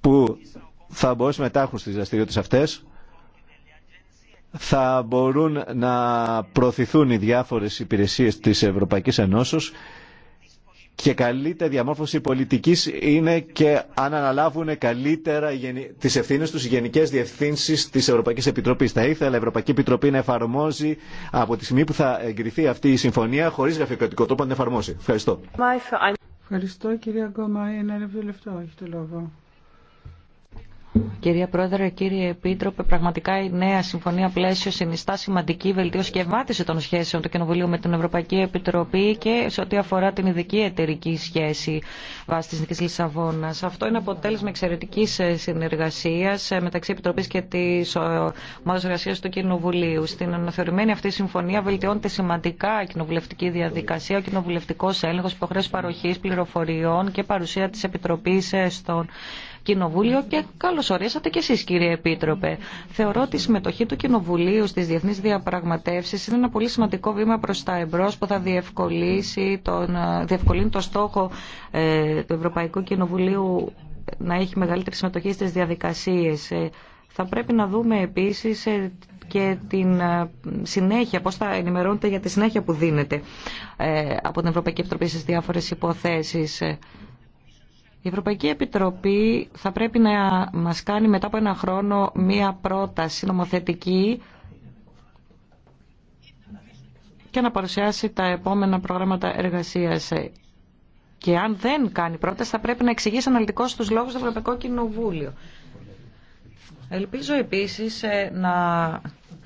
που θα μπορέσουν να μετάχουν στις δραστηριότητες αυτές, θα μπορούν να προωθηθούν οι διάφορες υπηρεσίες της Ευρωπαϊκής Ενώσεως και καλύτερη διαμόρφωση πολιτικής είναι και αν αναλάβουν καλύτερα τις ευθύνες τους οι γενικές διευθύνσεις της Ευρωπαϊκής Επιτροπής. Θα ήθελα η Ευρωπαϊκή Επιτροπή να εφαρμόζει από τη στιγμή που θα εγκριθεί αυτή η συμφωνία χωρίς γραφειοκρατικό τρόπο να την εφαρμόσει. Ευχαριστώ. Ευχαριστώ κυρία Γκόμα. Ένα λεπτό έχει Κυρία Πρόεδρε, κύριε Επίτροπε, πραγματικά η νέα συμφωνία πλαίσιο συνιστά σημαντική βελτίωση και ευάτηση των σχέσεων του Κοινοβουλίου με την Ευρωπαϊκή Επιτροπή και σε ό,τι αφορά την ειδική εταιρική σχέση βάσει τη Νική Λισαβόνα. Αυτό είναι αποτέλεσμα εξαιρετική ε, συνεργασία ε, μεταξύ Επιτροπή και τη ε, Ομάδα Εργασία του Κοινοβουλίου. Στην αναθεωρημένη αυτή συμφωνία βελτιώνεται σημαντικά η κοινοβουλευτική διαδικασία, ο κοινοβουλευτικό έλεγχο, υποχρέωση παροχή πληροφοριών και παρουσία τη Επιτροπή στον Κοινοβούλιο και καλώς ορίσατε και εσείς κύριε Επίτροπε. Θεωρώ ότι η συμμετοχή του Κοινοβουλίου στις διεθνείς διαπραγματεύσεις είναι ένα πολύ σημαντικό βήμα προς τα εμπρός που θα διευκολύνει τον, ε, διευκολύνει το στόχο ε, του Ευρωπαϊκού Κοινοβουλίου να έχει μεγαλύτερη συμμετοχή στις διαδικασίες. Ε, θα πρέπει να δούμε επίσης και την συνέχεια, πώς θα ενημερώνετε για τη συνέχεια που δίνεται από την Ευρωπαϊκή Επιτροπή στις διάφορες υποθέσεις. Η Ευρωπαϊκή Επιτροπή θα πρέπει να μας κάνει μετά από ένα χρόνο μία πρόταση νομοθετική και να παρουσιάσει τα επόμενα προγράμματα εργασίας. Και αν δεν κάνει πρόταση θα πρέπει να εξηγήσει αναλυτικώς τους λόγους στο Ευρωπαϊκό Κοινοβούλιο. Ελπίζω επίσης ε, να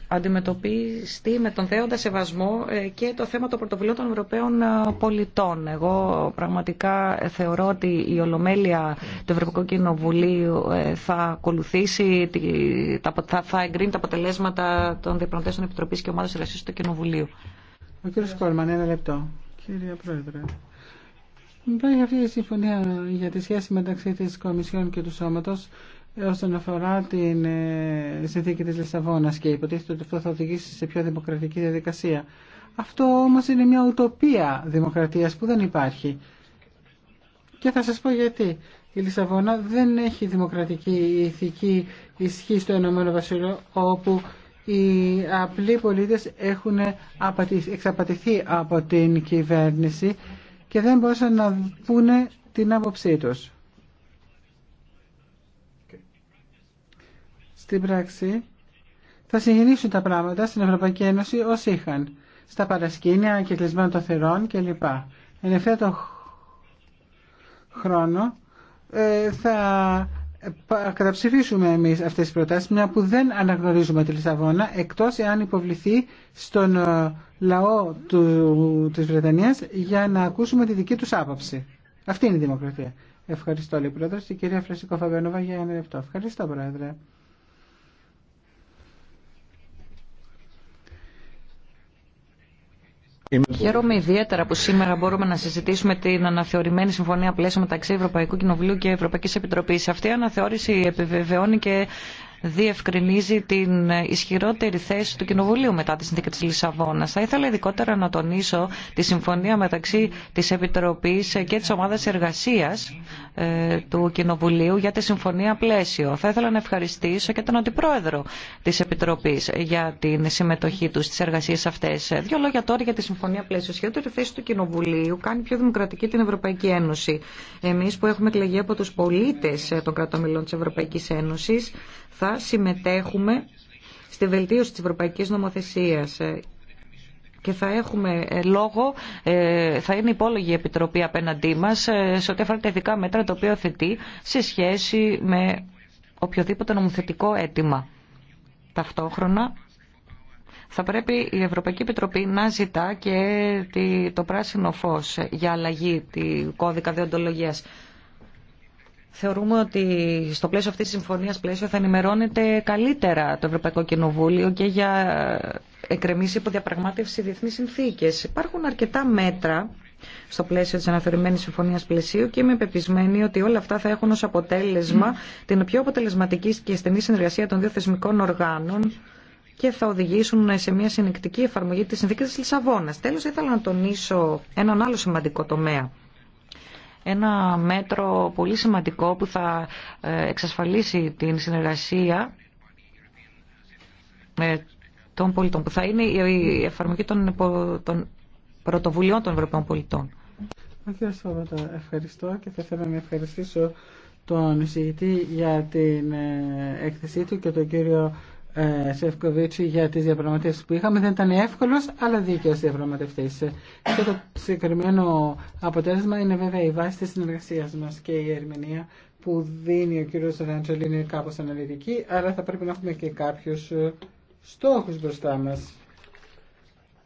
αντιμετωπιστεί με τον θέοντα σεβασμό ε, και το θέμα των πρωτοβουλίων των Ευρωπαίων ε, πολιτών. Εγώ πραγματικά ε, θεωρώ ότι η Ολομέλεια του Ευρωπαϊκού Κοινοβουλίου θα ακολουθήσει, θα εγκρίνει τα αποτελέσματα των διαπραγματεύσεων Επιτροπής και Ομάδας Εργασίας του Κοινοβουλίου. Ο κύριος Κόλμαν, ένα λεπτό. Κύριε Πρόεδρε. η συμφωνία για τη σχέση μεταξύ της Κομισιόν και του Σώματος όσον αφορά την ε, συνθήκη της Λισαβόνας και υποτίθεται ότι αυτό θα οδηγήσει σε πιο δημοκρατική διαδικασία. Αυτό όμως είναι μια ουτοπία δημοκρατίας που δεν υπάρχει. Και θα σας πω γιατί. Η Λισαβόνα δεν έχει δημοκρατική ηθική ισχύ στο Ηνωμένο Βασίλειο όπου οι απλοί πολίτες έχουν εξαπατηθεί από την κυβέρνηση και δεν μπορούσαν να πούνε την άποψή τους. στην πράξη θα συγγενήσουν τα πράγματα στην Ευρωπαϊκή Ένωση ως είχαν στα παρασκήνια και κλεισμένων των θερών κλπ. Εν ευθέτω χρόνο ε, θα καταψηφίσουμε εμείς αυτές τις προτάσεις μια που δεν αναγνωρίζουμε τη Λισαβόνα εκτός εάν υποβληθεί στον ε, λαό του, της Βρετανίας για να ακούσουμε τη δική τους άποψη. Αυτή είναι η δημοκρατία. Ευχαριστώ, λέει πρόεδρος, η κυρία Φρασικό Φαβένοβα για ένα λεπτό. Ευχαριστώ, πρόεδρε. Χαίρομαι ιδιαίτερα που σήμερα μπορούμε να συζητήσουμε την αναθεωρημένη συμφωνία πλαίσιο μεταξύ Ευρωπαϊκού Κοινοβουλίου και Ευρωπαϊκής Επιτροπής. Αυτή η αναθεώρηση επιβεβαιώνει και διευκρινίζει την ισχυρότερη θέση του Κοινοβουλίου μετά τη συνθήκη τη Λισαβόνα. Θα ήθελα ειδικότερα να τονίσω τη συμφωνία μεταξύ τη Επιτροπή και της Ομάδας Εργασίας ε, του Κοινοβουλίου για τη συμφωνία πλαίσιο. Θα ήθελα να ευχαριστήσω και τον Αντιπρόεδρο τη Επιτροπή για την συμμετοχή του στι εργασίε αυτέ. Δύο λόγια τώρα για τη συμφωνία πλαίσιο. Ισχυρότερη θέση του Κοινοβουλίου κάνει πιο δημοκρατική την Ευρωπαϊκή Ένωση. Εμεί που έχουμε εκλεγεί από του πολίτε των κρατομιλών της Ευρωπαϊκής Ένωσης συμμετέχουμε στη βελτίωση της ευρωπαϊκής νομοθεσίας ε, και θα έχουμε ε, λόγο, ε, θα είναι υπόλογη η Επιτροπή απέναντί μας σε ό,τι αφορά τα ειδικά μέτρα το οποίο θετεί σε σχέση με οποιοδήποτε νομοθετικό αίτημα. Ταυτόχρονα θα πρέπει η Ευρωπαϊκή Επιτροπή να ζητά και το πράσινο φως για αλλαγή του κώδικα διοντολογίας. Θεωρούμε ότι στο πλαίσιο αυτής της συμφωνίας πλαίσιο θα ενημερώνεται καλύτερα το Ευρωπαϊκό Κοινοβούλιο και για εκκρεμής διαπραγμάτευση διεθνείς συνθήκες. Υπάρχουν αρκετά μέτρα στο πλαίσιο της αναθεωρημένης συμφωνίας πλαισίου και είμαι πεπισμένη ότι όλα αυτά θα έχουν ως αποτέλεσμα την πιο αποτελεσματική και στενή συνεργασία των δύο θεσμικών οργάνων και θα οδηγήσουν σε μια συνεκτική εφαρμογή της συνθήκης της Λισαβόνας. Τέλος, ήθελα να τονίσω έναν άλλο σημαντικό τομέα ένα μέτρο πολύ σημαντικό που θα ε, εξασφαλίσει την συνεργασία με των πολιτών, που θα είναι η εφαρμογή των πρωτοβουλειών των Ευρωπαίων πολιτών. Κύριε Σόβατα, ευχαριστώ και θα ήθελα να ευχαριστήσω τον εισηγητή για την ε, έκθεσή του και τον κύριο ε, Σεφκοβίτσι για τις διαπραγματεύσεις που είχαμε. Δεν ήταν εύκολος, αλλά δίκαιος διαπραγματευτής. Και το συγκεκριμένο αποτέλεσμα είναι βέβαια η βάση της συνεργασίας μας και η ερμηνεία που δίνει ο κύριος Ράντζελ είναι κάπως αναλυτική, αλλά θα πρέπει να έχουμε και κάποιους ε, στόχους μπροστά μας.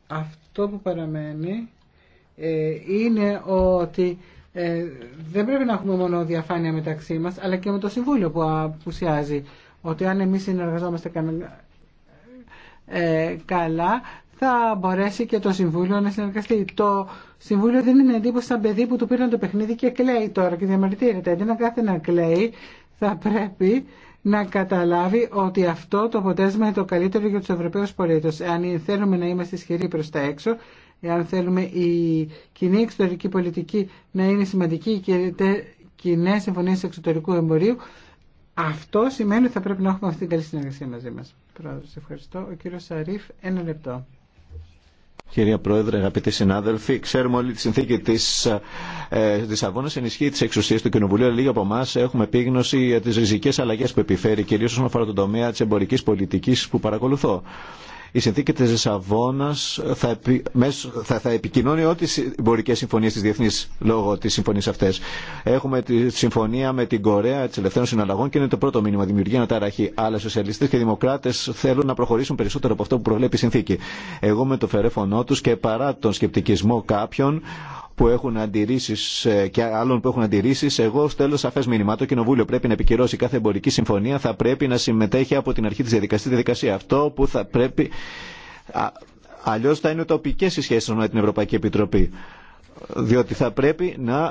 Αυτό που παραμένει ε, είναι ότι ε, δεν πρέπει να έχουμε μόνο διαφάνεια μεταξύ μας, αλλά και με το Συμβούλιο που απουσιάζει ότι αν εμείς συνεργαζόμαστε ε, καλά θα μπορέσει και το Συμβούλιο να συνεργαστεί. Το Συμβούλιο δεν είναι εντύπωση σαν παιδί που του πήραν το παιχνίδι και κλαίει τώρα και διαμαρτύρεται. Αντί να κάθε να κλαίει θα πρέπει να καταλάβει ότι αυτό το αποτέλεσμα είναι το καλύτερο για τους Ευρωπαίους πολίτες. Αν θέλουμε να είμαστε ισχυροί προς τα έξω, εάν θέλουμε η κοινή εξωτερική πολιτική να είναι σημαντική και κοινέ συμφωνίε εξωτερικού εμπορίου, αυτό σημαίνει ότι θα πρέπει να έχουμε αυτή την καλή συνεργασία μαζί μας. Πρόεδρος, ευχαριστώ. Ο κύριο Σαρίφ, ένα λεπτό. Κυρία Πρόεδρε, αγαπητοί συνάδελφοι, ξέρουμε όλη τη συνθήκη τη ε, της ενισχύει τι εξουσίε του Κοινοβουλίου. Λίγοι από εμά έχουμε επίγνωση για τι ριζικέ αλλαγέ που επιφέρει, κυρίω όσον αφορά τον τομέα τη εμπορική πολιτική που παρακολουθώ η συνθήκη της Λισαβόνας θα, θα, θα επικοινώνει ό,τι μπορικές συμφωνίες της διεθνής λόγω της συμφωνίας αυτές. Έχουμε τη συμφωνία με την Κορέα της Ελευθέρων Συναλλαγών και είναι το πρώτο μήνυμα δημιουργία να ταραχεί. Αλλά οι σοσιαλιστές και δημοκράτες θέλουν να προχωρήσουν περισσότερο από αυτό που προβλέπει η συνθήκη. Εγώ με το φερέφωνό τους και παρά τον σκεπτικισμό κάποιων που έχουν αντιρρήσει και άλλων που έχουν αντιρρήσει, εγώ στέλνω σαφέ μήνυμα. Το Κοινοβούλιο πρέπει να επικυρώσει κάθε εμπορική συμφωνία, θα πρέπει να συμμετέχει από την αρχή τη διαδικασία. διαδικασία. Αυτό που θα πρέπει. Αλλιώ θα είναι τοπικέ οι σχέσει με την Ευρωπαϊκή Επιτροπή. Διότι θα πρέπει να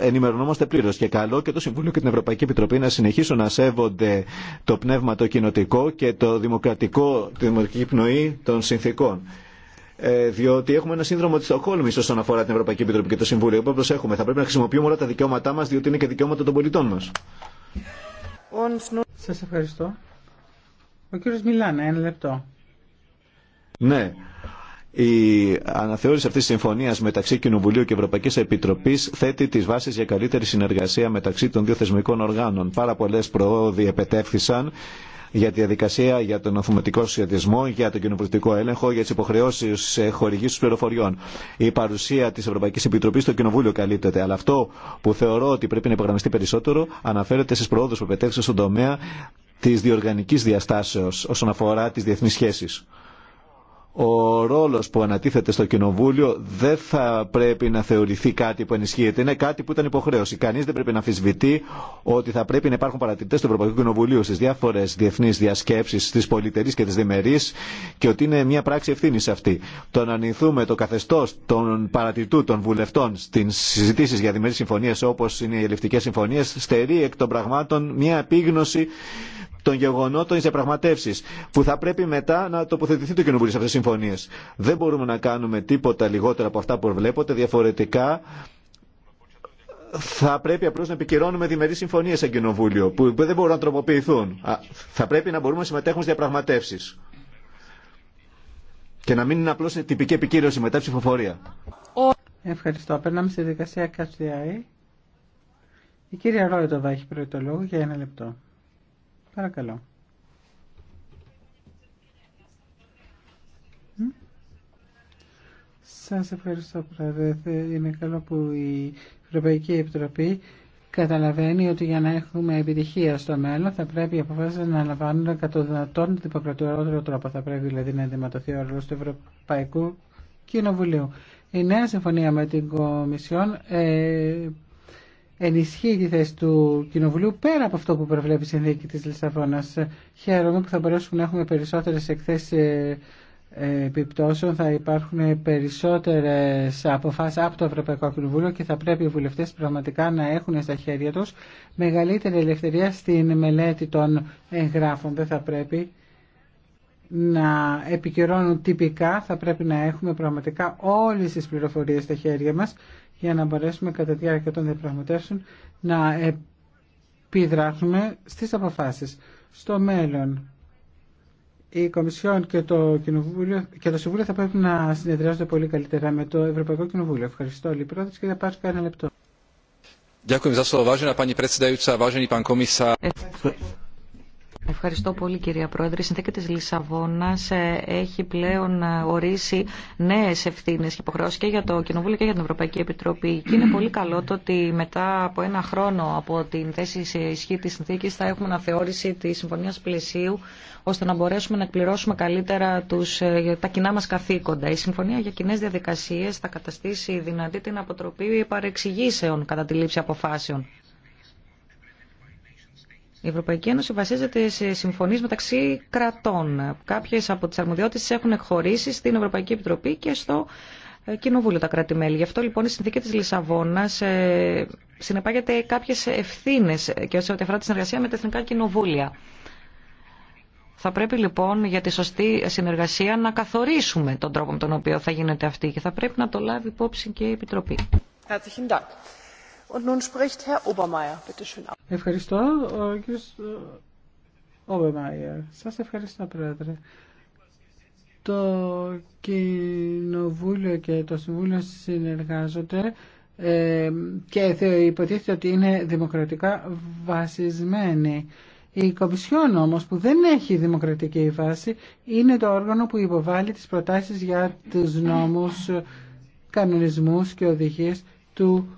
ε, ενημερωνόμαστε πλήρω. Και καλό και το Συμβούλιο και την Ευρωπαϊκή Επιτροπή να συνεχίσουν να σέβονται το πνεύμα το κοινοτικό και το δημοκρατικό, τη δημοκρατική πνοή των συνθήκων. Ε, διότι έχουμε ένα σύνδρομο τη Στοκόλμη όσον αφορά την Ευρωπαϊκή Επιτροπή και το Συμβούλιο. Οπότε προσέχουμε. Θα πρέπει να χρησιμοποιούμε όλα τα δικαιώματά μα, διότι είναι και δικαιώματα των πολιτών μα. Σα ευχαριστώ. Ο κύριο Μιλάνα, ένα λεπτό. Ναι. Η αναθεώρηση αυτή τη συμφωνία μεταξύ Κοινοβουλίου και Ευρωπαϊκή Επιτροπή θέτει τι βάσει για καλύτερη συνεργασία μεταξύ των δύο θεσμικών οργάνων. Πάρα πολλέ προόδοι επετέφθησαν για τη διαδικασία, για τον αθωματικό σχεδιασμό, για τον κοινοβουλευτικό έλεγχο, για τι υποχρεώσει ε, χορηγή πληροφοριών. Η παρουσία τη Ευρωπαϊκή Επιτροπή στο Κοινοβούλιο καλύπτεται. Αλλά αυτό που θεωρώ ότι πρέπει να υπογραμμιστεί περισσότερο αναφέρεται στι προόδου που πετέχθησαν στον τομέα τη διοργανική διαστάσεω όσον αφορά τι διεθνεί σχέσει ο ρόλος που ανατίθεται στο Κοινοβούλιο δεν θα πρέπει να θεωρηθεί κάτι που ενισχύεται. Είναι κάτι που ήταν υποχρέωση. Κανεί δεν πρέπει να αμφισβητεί ότι θα πρέπει να υπάρχουν παρατηρητές του Ευρωπαϊκού Κοινοβουλίου στι διάφορε διεθνεί διασκέψεις, στις πολυτερεί και τι διμερείς και ότι είναι μια πράξη ευθύνη αυτή. Το να ανηθούμε το καθεστώ των παρατηρητού των βουλευτών στι συζητήσει για διμερείς συμφωνίε, όπω είναι οι ελευθερικέ συμφωνίε, στερεί εκ των πραγμάτων μια επίγνωση των γεγονότων τη διαπραγματεύση, που θα πρέπει μετά να τοποθετηθεί το Κοινοβούλιο σε αυτέ τι συμφωνίε. Δεν μπορούμε να κάνουμε τίποτα λιγότερο από αυτά που βλέπετε, διαφορετικά θα πρέπει απλώ να επικυρώνουμε διμερεί συμφωνίε σε κοινοβούλιο, που δεν μπορούν να τροποποιηθούν. Θα πρέπει να μπορούμε να συμμετέχουμε στι διαπραγματεύσει. Και να μην είναι απλώ τυπική επικύρωση μετά ψηφοφορία. Ευχαριστώ. Περνάμε στη δικασία Κατσιάη. Η κυρία Ρόιτοβα έχει πρώτο λόγο για ένα λεπτό. Παρακαλώ. Σας ευχαριστώ πρόεδρε. Είναι καλό που η Ευρωπαϊκή Επιτροπή καταλαβαίνει ότι για να έχουμε επιτυχία στο μέλλον θα πρέπει οι αποφάσει να λαμβάνουν κατά δυνατόν την τρόπο. Θα πρέπει δηλαδή να ενδυματωθεί ο ρόλο του Ευρωπαϊκού Κοινοβουλίου. Η νέα συμφωνία με την Κομισιόν ε, ενισχύει τη θέση του Κοινοβουλίου πέρα από αυτό που προβλέπει η συνθήκη της Λισαβόνας. Χαίρομαι που θα μπορέσουμε να έχουμε περισσότερες εκθέσεις ε, ε, επιπτώσεων, θα υπάρχουν περισσότερες αποφάσεις από το Ευρωπαϊκό Κοινοβούλιο και θα πρέπει οι βουλευτές πραγματικά να έχουν στα χέρια τους μεγαλύτερη ελευθερία στην μελέτη των εγγράφων. Δεν θα πρέπει να επικαιρώνουν τυπικά, θα πρέπει να έχουμε πραγματικά όλες τις πληροφορίες στα χέρια μας για να μπορέσουμε κατά τη διάρκεια των διαπραγματεύσεων να επιδράσουμε στις αποφάσεις. Στο μέλλον, η Κομισιόν και το, Κοινοβούλιο, και το Συμβούλιο θα πρέπει να συνεδριάζονται πολύ καλύτερα με το Ευρωπαϊκό Κοινοβούλιο. Ευχαριστώ, Λίπρο. Και θα πάρει κανένα λεπτό. Ευχαριστώ. Ευχαριστώ πολύ κυρία Πρόεδρε. Η συνθήκη της Λισαβόνας ε, έχει πλέον ε, ορίσει νέες ευθύνες και υποχρεώσεις και για το Κοινοβούλιο και για την Ευρωπαϊκή Επιτροπή. Και είναι πολύ καλό το ότι μετά από ένα χρόνο από την θέση σε ισχύ της συνθήκης θα έχουμε αναθεώρηση τη Συμφωνίας Πλαισίου ώστε να μπορέσουμε να εκπληρώσουμε καλύτερα τους, ε, τα κοινά μας καθήκοντα. Η Συμφωνία για Κοινέ Διαδικασίες θα καταστήσει δυνατή την αποτροπή παρεξηγήσεων κατά τη λήψη αποφάσεων. Η Ευρωπαϊκή Ένωση βασίζεται σε συμφωνίε μεταξύ κρατών. Κάποιε από τι αρμοδιότητε έχουν χωρίσει στην Ευρωπαϊκή Επιτροπή και στο ε, Κοινοβούλιο τα κράτη-μέλη. Γι' αυτό λοιπόν η συνθήκη τη Λισαβόνα ε, συνεπάγεται κάποιε ευθύνε και ό,τι αφορά τη συνεργασία με τα εθνικά κοινοβούλια. Θα πρέπει λοιπόν για τη σωστή συνεργασία να καθορίσουμε τον τρόπο με τον οποίο θα γίνεται αυτή και θα πρέπει να το λάβει υπόψη και η Επιτροπή. Ευχαριστώ, ο Σας ευχαριστώ, Πρόεδρε. Το Κοινοβούλιο και το Συμβούλιο συνεργάζονται ε, και υποτίθεται ότι είναι δημοκρατικά βασισμένοι. Η Κομισιόν όμως που δεν έχει δημοκρατική βάση είναι το όργανο που υποβάλλει τις προτάσεις για τους νόμους, κανονισμούς και οδηγίες του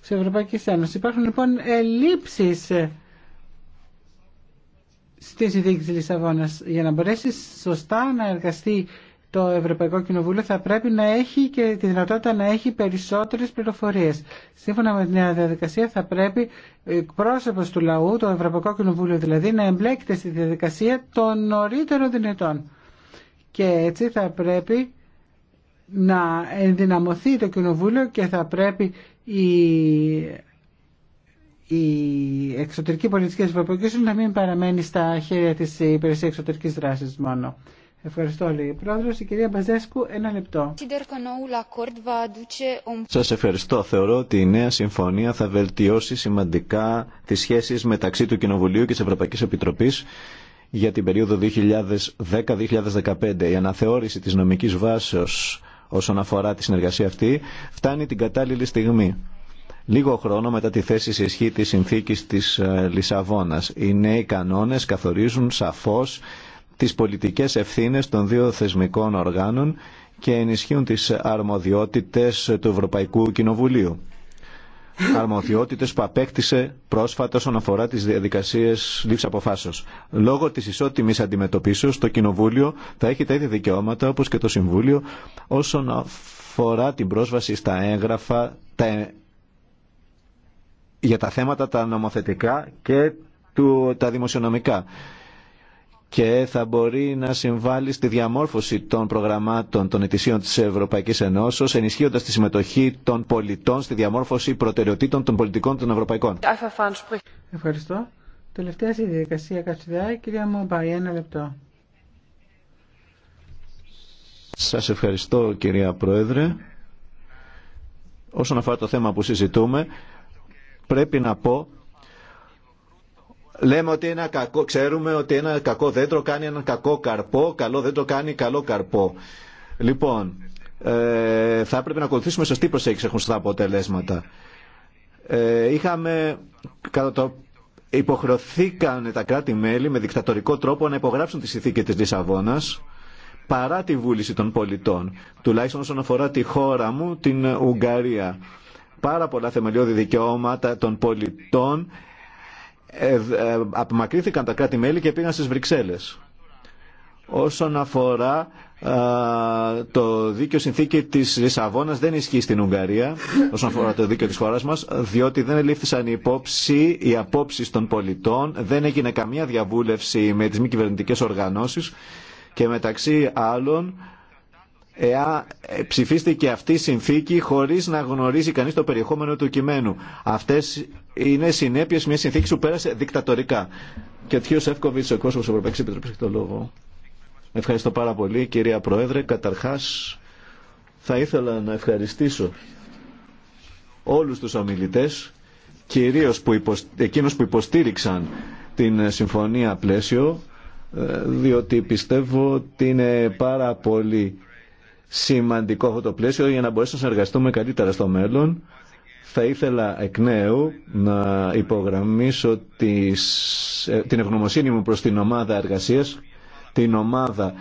της Ευρωπαϊκής Ένωσης. Υπάρχουν λοιπόν ελλείψεις ε, στη συνθήκη της Λισαβόνας. Για να μπορέσει σωστά να εργαστεί το Ευρωπαϊκό Κοινοβούλιο θα πρέπει να έχει και τη δυνατότητα να έχει περισσότερες πληροφορίες. Σύμφωνα με την νέα διαδικασία θα πρέπει πρόσωπος του λαού, το Ευρωπαϊκό Κοινοβούλιο δηλαδή, να εμπλέκεται στη διαδικασία των νωρίτερων δυνατών. Και έτσι θα πρέπει να ενδυναμωθεί το Κοινοβούλιο και θα πρέπει η η εξωτερική πολιτική της Ευρωπαϊκής να μην παραμένει στα χέρια της υπηρεσία εξωτερικής δράσης μόνο. Ευχαριστώ, λέει η Πρόεδρος. Η κυρία Μπαζέσκου, ένα λεπτό. Σας ευχαριστώ. Θεωρώ ότι η νέα συμφωνία θα βελτιώσει σημαντικά τις σχέσεις μεταξύ του Κοινοβουλίου και της Ευρωπαϊκής Επιτροπής για την περίοδο 2010-2015. Η αναθεώρηση της νομικής βάσεως όσον αφορά τη συνεργασία αυτή φτάνει την κατάλληλη στιγμή. Λίγο χρόνο μετά τη θέση σε ισχύ της συνθήκης της ε, Λισαβόνας. Οι νέοι κανόνες καθορίζουν σαφώς τις πολιτικές ευθύνες των δύο θεσμικών οργάνων και ενισχύουν τις αρμοδιότητες του Ευρωπαϊκού Κοινοβουλίου αρμοδιότητε που απέκτησε πρόσφατα όσον αφορά τι διαδικασίε λήψη αποφάσεω. Λόγω τη ισότιμη αντιμετωπίσεω, το Κοινοβούλιο θα έχει τα ίδια δικαιώματα όπω και το Συμβούλιο όσον αφορά την πρόσβαση στα έγγραφα ε, για τα θέματα τα νομοθετικά και του... τα δημοσιονομικά και θα μπορεί να συμβάλλει στη διαμόρφωση των προγραμμάτων των ετησίων της Ευρωπαϊκής Ενώσεως, ενισχύοντας τη συμμετοχή των πολιτών στη διαμόρφωση προτεραιοτήτων των πολιτικών των Ευρωπαϊκών. Ευχαριστώ. Τελευταία στη διαδικασία Κατσουδιά, κυρία Μομπάη, ένα λεπτό. Σας ευχαριστώ κυρία Πρόεδρε. Όσον αφορά το θέμα που συζητούμε, πρέπει να πω Λέμε ότι ένα κακό, ξέρουμε ότι ένα κακό δέντρο κάνει έναν κακό καρπό, καλό δέντρο κάνει καλό καρπό. Λοιπόν, ε, θα έπρεπε να ακολουθήσουμε σωστή προσέγγιση έχουν στα αποτελέσματα. Ε, είχαμε, κατά το, υποχρεωθήκαν τα κράτη-μέλη με δικτατορικό τρόπο να υπογράψουν τη συνθήκη της Λισαβόνας παρά τη βούληση των πολιτών, τουλάχιστον όσον αφορά τη χώρα μου, την Ουγγαρία. Πάρα πολλά θεμελιώδη δικαιώματα των πολιτών ε, ε, απομακρύθηκαν τα κράτη-μέλη και πήγαν στις Βρυξέλλες. Όσον αφορά το δίκαιο συνθήκη της Λισαβόνας δεν ισχύει στην Ουγγαρία όσον αφορά το δίκαιο της χώρας μας διότι δεν ελήφθησαν οι υπόψη οι απόψει των πολιτών δεν έγινε καμία διαβούλευση με τις μη κυβερνητικέ οργανώσεις και μεταξύ άλλων εάν ψηφίστηκε αυτή η συνθήκη χωρίς να γνωρίζει κανείς το περιεχόμενο του κειμένου. Αυτές είναι συνέπειες μια συνθήκη που πέρασε δικτατορικά. Και ο Τιο Εύκοβιτς, ο κόσμος Ευρωπαϊκής Επιτροπής, έχει το λόγο. Ευχαριστώ πάρα πολύ κυρία Πρόεδρε. Καταρχάς θα ήθελα να ευχαριστήσω όλους τους ομιλητές, κυρίως που που υποστήριξαν την συμφωνία πλαίσιο, ε, διότι πιστεύω ότι είναι πάρα πολύ σημαντικό αυτό το πλαίσιο για να μπορέσουμε να συνεργαστούμε καλύτερα στο μέλλον. Θα ήθελα εκ νέου να υπογραμμίσω τις, ε, την ευγνωμοσύνη μου προς την ομάδα εργασίας, την ομάδα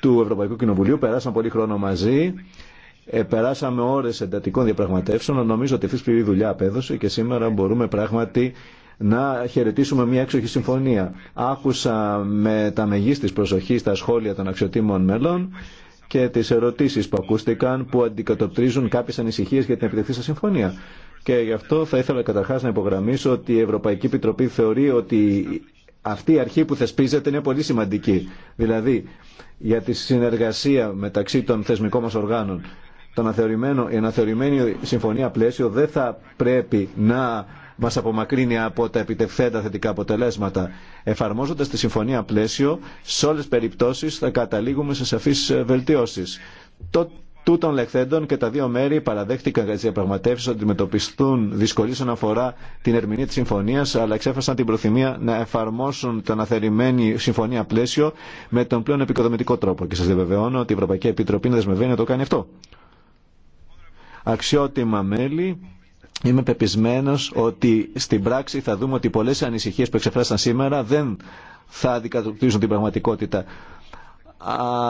του Ευρωπαϊκού Κοινοβουλίου. Περάσαμε πολύ χρόνο μαζί. Ε, περάσαμε ώρες εντατικών διαπραγματεύσεων. Νομίζω ότι αυτή η δουλειά απέδωσε και σήμερα μπορούμε πράγματι να χαιρετήσουμε μια έξοχη συμφωνία. Άκουσα με τα μεγίστη προσοχή στα σχόλια των αξιοτήμων μελών και τι ερωτήσει που ακούστηκαν που αντικατοπτρίζουν κάποιε ανησυχίε για την σα συμφωνία. Και γι' αυτό θα ήθελα καταρχά να υπογραμμίσω ότι η Ευρωπαϊκή Επιτροπή θεωρεί ότι αυτή η αρχή που θεσπίζεται είναι πολύ σημαντική. Δηλαδή, για τη συνεργασία μεταξύ των θεσμικών μας οργάνων, το η αναθεωρημένη συμφωνία πλαίσιο δεν θα πρέπει να μας απομακρύνει από τα επιτευθέντα θετικά αποτελέσματα. Εφαρμόζοντας τη συμφωνία πλαίσιο, σε όλες τις περιπτώσεις θα καταλήγουμε σε σαφείς βελτιώσεις. Το τούτων λεχθέντων και τα δύο μέρη παραδέχτηκαν για τι διαπραγματεύσει ότι αντιμετωπιστούν δυσκολίε όσον αφορά την ερμηνεία τη συμφωνία, αλλά εξέφρασαν την προθυμία να εφαρμόσουν την αναθερημένη συμφωνία πλαίσιο με τον πλέον επικοδομητικό τρόπο. Και σα διαβεβαιώνω ότι η Ευρωπαϊκή Επιτροπή να δεσμευμένη να το κάνει αυτό. Αξιότιμα μέλη, Είμαι πεπισμένο ότι στην πράξη θα δούμε ότι πολλές ανησυχίε που εξεφράσαν σήμερα δεν θα αντικατοπτρίζουν την πραγματικότητα.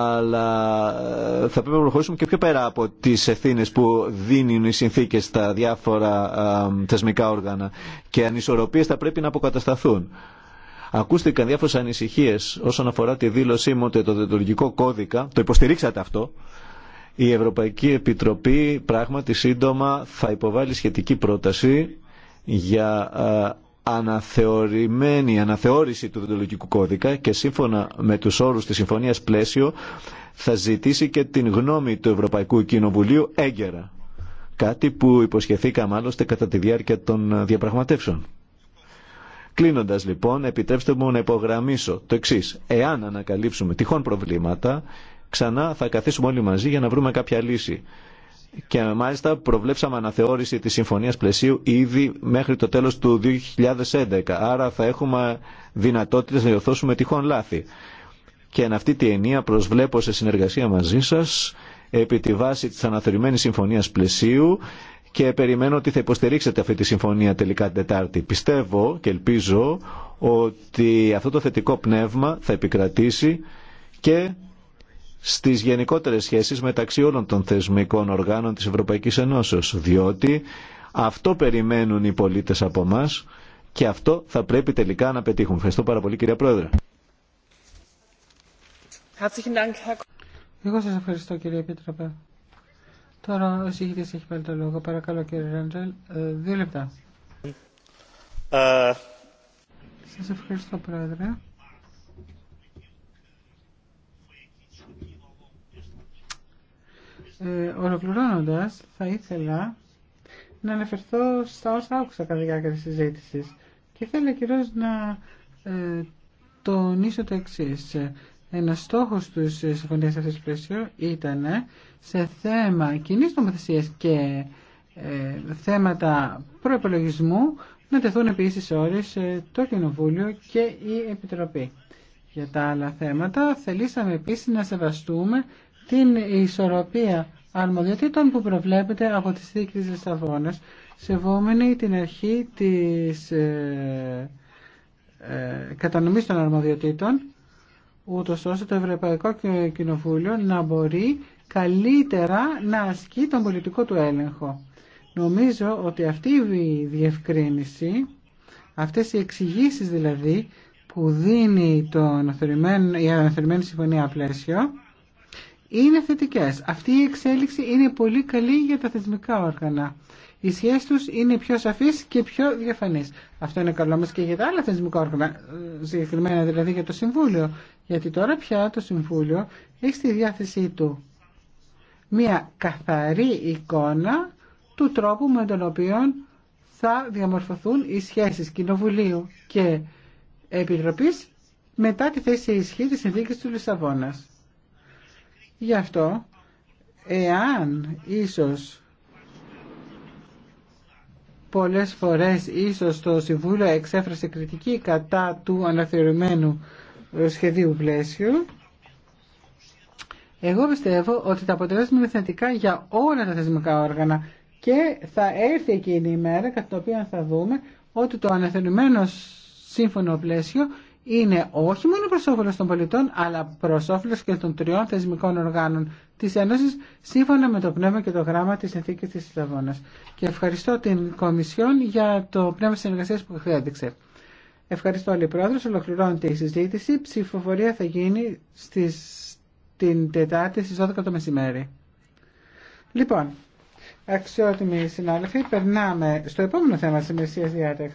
Αλλά ε, θα πρέπει να προχωρήσουμε και πιο πέρα από τις ευθύνε που δίνουν οι συνθήκε στα διάφορα ε, θεσμικά όργανα και ανισορροπίες θα πρέπει να αποκατασταθούν. Ακούστηκαν διάφορε ανησυχίε όσον αφορά τη δήλωσή μου ότι το διευθυντικό κώδικα, το υποστηρίξατε αυτό, η Ευρωπαϊκή Επιτροπή πράγματι σύντομα θα υποβάλει σχετική πρόταση για ε, αναθεωρημένη αναθεώρηση του δεντολογικού κώδικα και σύμφωνα με τους όρους της Συμφωνίας Πλαίσιο θα ζητήσει και την γνώμη του Ευρωπαϊκού Κοινοβουλίου έγκαιρα. Κάτι που υποσχεθήκαμε άλλωστε κατά τη διάρκεια των διαπραγματεύσεων. Κλείνοντα λοιπόν, επιτρέψτε μου να υπογραμμίσω το εξή. Εάν ανακαλύψουμε τυχόν προβλήματα, ξανά θα καθίσουμε όλοι μαζί για να βρούμε κάποια λύση. Και μάλιστα προβλέψαμε αναθεώρηση της συμφωνίας πλαισίου ήδη μέχρι το τέλος του 2011. Άρα θα έχουμε δυνατότητες να διορθώσουμε τυχόν λάθη. Και εν αυτή τη ενία προσβλέπω σε συνεργασία μαζί σας επί τη βάση της αναθεωρημένης συμφωνίας πλαισίου και περιμένω ότι θα υποστηρίξετε αυτή τη συμφωνία τελικά την Τετάρτη. Πιστεύω και ελπίζω ότι αυτό το θετικό πνεύμα θα επικρατήσει και στις γενικότερες σχέσεις μεταξύ όλων των θεσμικών οργάνων της Ευρωπαϊκής Ενώσεως, διότι αυτό περιμένουν οι πολίτες από εμά και αυτό θα πρέπει τελικά να πετύχουν. Ευχαριστώ πάρα πολύ κυρία Πρόεδρε. Εγώ σας ευχαριστώ κύριε Επίτροπε. Τώρα ο συγχητής έχει πάλι το λόγο. Παρακαλώ κύριε Ρέντζελ. Ε, δύο λεπτά. Ε, σας ευχαριστώ Πρόεδρε. Ε, ολοκληρώνοντας, θα ήθελα να αναφερθώ στα όσα άκουσα κατά τη διάρκεια της συζήτησης και θέλω κυρίως να ε, τονίσω το εξή. Ένα στόχος του συμφωνίας αυτής πλαίσιο ήταν ε, σε θέμα κοινή νομοθεσία και ε, θέματα προπολογισμού να τεθούν επίσης ώρες ε, το Κοινοβούλιο και η Επιτροπή. Για τα άλλα θέματα θελήσαμε επίσης να σεβαστούμε την ισορροπία αρμοδιοτήτων που προβλέπεται από τη δίκτυες της Λισαβόνας σεβόμενη την αρχή της ε, ε, κατανομής των αρμοδιοτήτων ούτως ώστε το Ευρωπαϊκό Κοινοβούλιο να μπορεί καλύτερα να ασκεί τον πολιτικό του έλεγχο. Νομίζω ότι αυτή η διευκρίνηση, αυτές οι εξηγήσει δηλαδή που δίνει το η αναθερημένη συμφωνία πλαίσιο, είναι θετικές. Αυτή η εξέλιξη είναι πολύ καλή για τα θεσμικά όργανα. Οι σχέσει του είναι πιο σαφείς και πιο διαφανείς. Αυτό είναι καλό μας και για τα άλλα θεσμικά όργανα, συγκεκριμένα δηλαδή για το Συμβούλιο. Γιατί τώρα πια το Συμβούλιο έχει στη διάθεσή του μία καθαρή εικόνα του τρόπου με τον οποίο θα διαμορφωθούν οι σχέσεις Κοινοβουλίου και Επιτροπής μετά τη θέση ισχύ της συνθήκης του Λισαβόνας. Γι' αυτό, εάν ίσως πολλές φορές ίσως το Συμβούλιο εξέφρασε κριτική κατά του αναθεωρημένου ε, σχεδίου πλαίσιου, εγώ πιστεύω ότι τα αποτελέσματα είναι θετικά για όλα τα θεσμικά όργανα και θα έρθει εκείνη η μέρα κατά την οποία θα δούμε ότι το αναθεωρημένο σύμφωνο πλαίσιο είναι όχι μόνο προς όφελος των πολιτών, αλλά προς όφελος και των τριών θεσμικών οργάνων της Ένωσης, σύμφωνα με το πνεύμα και το γράμμα της συνθήκης της Λαβώνας. Και ευχαριστώ την Κομισιόν για το πνεύμα συνεργασίας που έδειξε. Ευχαριστώ όλοι οι πρόεδρος. Ολοκληρώνεται η συζήτηση. Ψηφοφορία θα γίνει στις, την Τετάρτη στις 12 το μεσημέρι. Λοιπόν, αξιότιμοι συνάδελφοι, περνάμε στο επόμενο θέμα της ημερησίας διάταξης.